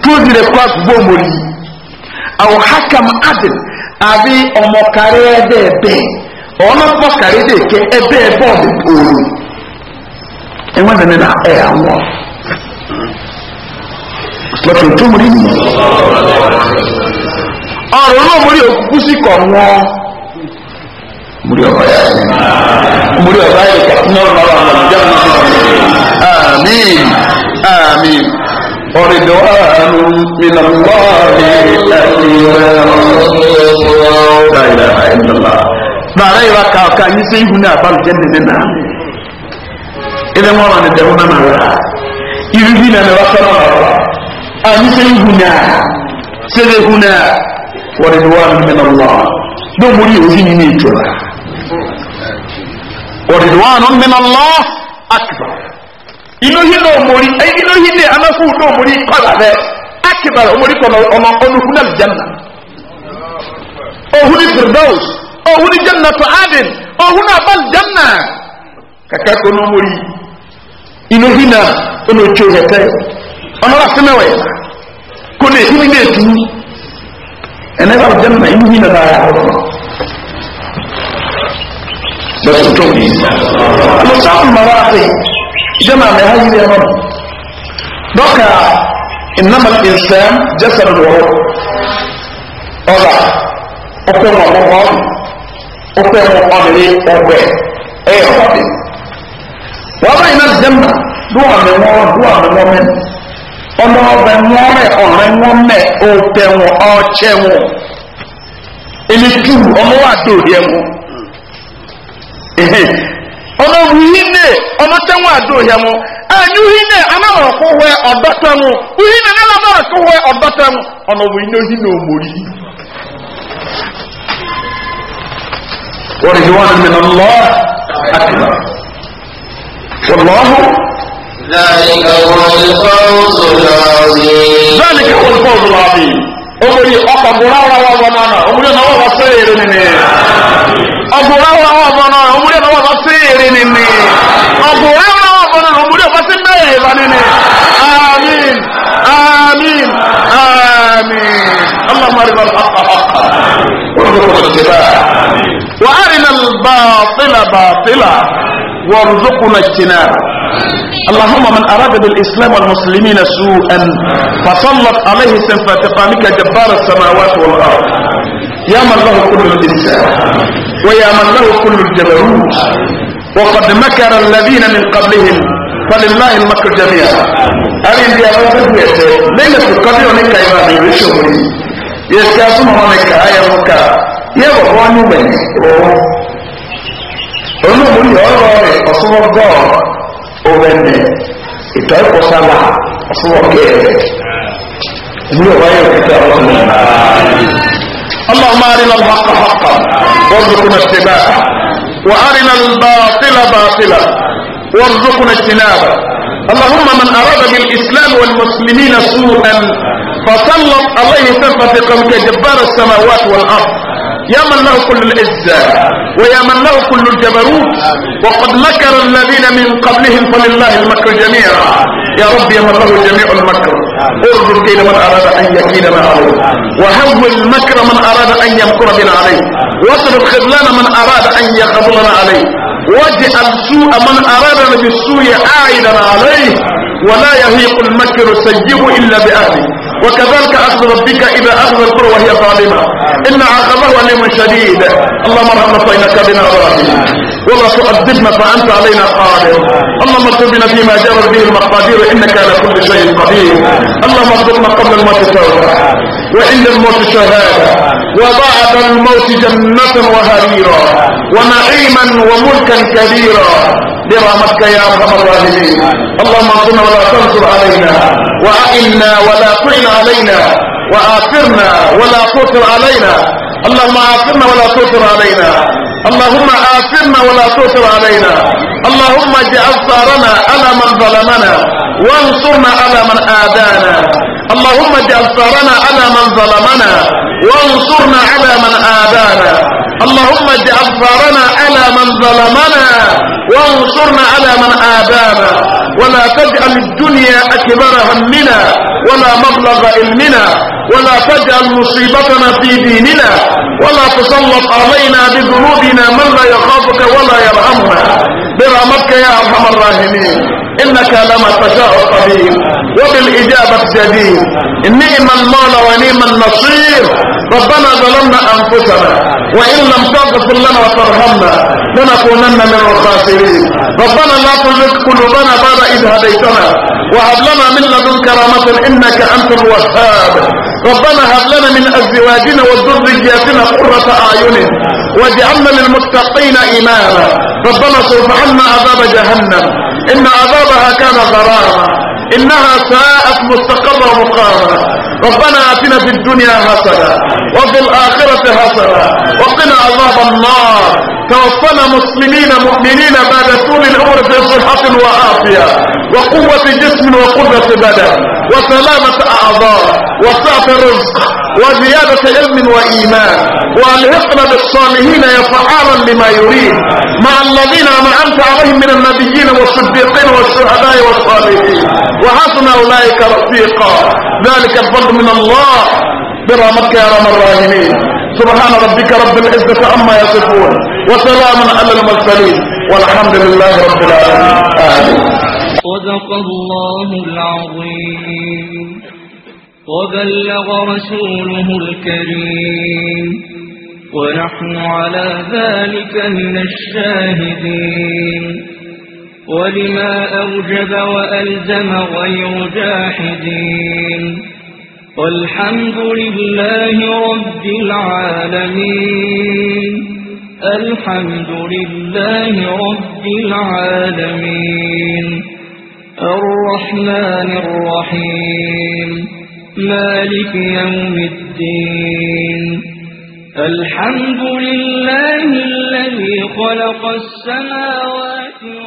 Speaker 2: tó rẹ̀ kọ́ gbogbo mọ̀ ní àwọn hakam adìl àbí ọmọ kárí ẹ̀dẹ̀ ẹ̀bẹ̀ ọ̀nà pọ̀ kárí ẹ̀dẹ̀ kẹ ẹ̀bẹ̀ ẹ̀bọ̀ ọ̀dẹ̀ pòòrò ẹ̀wọ̀n dẹ̀ nínú ẹ̀ àwọn lọ́tọ̀ tó mú ọ̀rọ̀ náà múrí òkúkú sí kọ̀ wọ́n múrí ọ̀rọ̀ yà sí múrí ọ̀rọ̀ yà kọ̀ ní ọ̀rọ̀ ọ̀rọ̀ ọ̀rọ̀ ìjọba ní ọ̀rọ̀ àmín àmín ọ̀rọ̀ ìdọ̀ àánú nínú wọ́ọ̀rẹ́ àti ìrẹ́lọ́wọ́ bàrẹ́ ìwà ká ọ̀ka yín sí ihu ní àbálù jẹ́ndẹ̀dẹ̀ náà ilé wọn wà ní dẹ̀wọ́ náà náà rà ìrírí náà ni wọ́n fẹ́ràn ọ̀rọ̀ àyíṣẹ́ ihu náà ṣẹ́lẹ̀ ihu náà ورضوان من الله دو مري وزيني نيتورا ورضوان من الله أكبر ino hi do mori ay ino hi de ana fu do mori kala be akbar mori ko no ono onu hu dal janna o hu ni firdaus o hu ni jannatu adin o hu na kaka ko no mori ino hi na ono choza tay ono ra semewe ko ne hi ne tu ɛnɛ bá jẹ́ mẹ́ yìí nínú náà lọ́sọ̀ tó bí alùsáfù mara àti jẹ́mà mẹ́ ha yìí ẹ̀rọ dọ́kà ìnáma ìsẹ́m jẹ́sẹ̀rẹ̀ lọ́wọ́ ọ̀la ọ̀pẹ̀ mọ̀ ọ̀pọ̀ ọ̀pẹ̀ mọ̀ ọ̀mẹ̀rẹ̀ ọ̀gbẹ̀ ẹ̀yẹ̀ ọ̀pẹ̀ wọ́n bá yìí náà jẹ́mà dúwà mẹ́wọ́ dúwà mẹ́wọ́ mẹ́rin ọmọ ọbẹ wọn rẹ ọrẹ wọn mẹ ọtẹ wọn ọtsẹ wọn eletu ọmọ wa do yẹ wọn
Speaker 4: ọmọ wuyi ne
Speaker 2: ọmọ tẹ wọn ado yẹ wọn ẹni wuyi ne anáwọ kó wẹ na omori. wọ́n rí wọn mi nà ذلك هو الفوز العظيم ذلك هو الفوز العظيم omori ọkọ gbọrawa wa ọmọ náà omori ọmọ wa sọ èrè nìní ọgbọrawa wa ọmọ náà omori ọmọ wa sọ èrè nìní ọgbọrawa wa ọmọ náà omori ọmọ sọ mẹrẹ wa nìní amin amin amin allahumma riba alhaqa haqa warzuqna ittibaa wa arina albatila batila warzuqna ijtinaba اللهم من أراد بالإسلام والمسلمين سوءا فصلت عليه سنف تقامك جبار السماوات والأرض يا من له كل الإنسان ويا من له كل الجبروت وقد مكر الذين من قبلهم فلله المكر جميعا أرين يا من تبيت ليلة القدر منك يا من يشوفني يسكاسم عليك آية مكا يا بابا نبني ونبني أرى أصور دار ومن ìtọ ẹkọ sábà
Speaker 4: كيف kẹrẹ
Speaker 2: ẹni ọba اللهم أرنا الحق حقا وارزقنا اتباعه وأرنا الباطل باطلا وارزقنا اجتنابه اللهم من أراد بالإسلام والمسلمين سوءا فسلط عليه سلطة كجبار السماوات والأرض يا من له كل العزة ويا من له كل الجبروت وقد مكر الذين من قبلهم فلله المكر جميعا يا رب يا من له جميع المكر ارجو كيد من أراد أن يكيل من عليه وهول مكر من أراد أن يمكر بنا عليه واصرف خذلان من أراد أن يخذلنا عليه وجه سوء من أرادنا بالسوء عائدا عليه ولا يهيق المكر السيئ إلا بأهله وكذلك أخذ ربك إذا أخذ القرى وهي ظالمة إن عقبه أليم شديد اللهم ارحمنا فإنك بنا ظالمين ولا تؤدبنا فأنت علينا قادر اللهم ارزقنا فيما جرت به المقادير إنك على كل شيء قدير اللهم ارزقنا قبل الموت توبة وعند الموت شهادة وبعد الموت جنة وهريرا ونعيما وملكا كبيرا برحمتك يا ارحم الراحمين اللهم انصرنا ولا تنصر علينا واعنا ولا تعن علينا واثرنا ولا تؤثر علينا اللهم اعثرنا ولا تؤثر علينا اللهم آثرنا ولا تؤثر علينا اللهم اجعل ثارنا على من ظلمنا وانصرنا على من آذانا اللهم اجعل ثارنا على من ظلمنا وانصرنا على من آذانا اللهم اجعل ثارنا على من ظلمنا وانصرنا على من آذانا ولا تجعل الدنيا أكبر همنا ولا مبلغ علمنا ولا تجعل مصيبتنا في ديننا ولا تسلط علينا بذنوبنا من لا يخافك ولا يرحمنا برحمتك يا أرحم الراحمين إنك لما تشاء الطبيب وبالإجابة جديد نعم المولى ونعم النصير ربنا ظلمنا أنفسنا وإن لم تغفر لنا وترحمنا لنكونن من الخاسرين ربنا لا تزغ قلوبنا بعد إذ هديتنا وهب لنا من لدنك رحمة إنك أنت الوهاب ربنا هب لنا من أزواجنا وذرياتنا قرة أعين واجعلنا للمتقين إماما ربنا صرف عنا عذاب جهنم إن عذابها كان غراما إنها ساءت مستقرة ومقامة ربنا آتنا في الدنيا حسنة وفي الآخرة حسنة وقنا عذاب النار توفنا مسلمين مؤمنين بعد طول العمر في صحة وعافية وقوة جسم وقدرة بدن وسلامة أعضاء وسعة رزق وزيادة علم وإيمان وألحقنا بالصالحين يا فعالا لما يريد مع الذين أنعمت عليهم من النبيين والصديقين والشهداء والصالحين وحسن أولئك رفيقا ذلك الفضل من الله برحمتك يا رحم الراحمين سبحان ربك رب العزة عما يصفون وسلام على المرسلين والحمد لله رب العالمين
Speaker 1: آمين صدق الله العظيم وبلغ رسوله الكريم ونحن على ذلك من الشاهدين ولما أوجب وألزم غير جاحدين والحمد لله رب العالمين الحمد لله رب العالمين الرحمن الرحيم مالك يوم الدين الحمد لله الذي خلق السماوات
Speaker 4: والأرض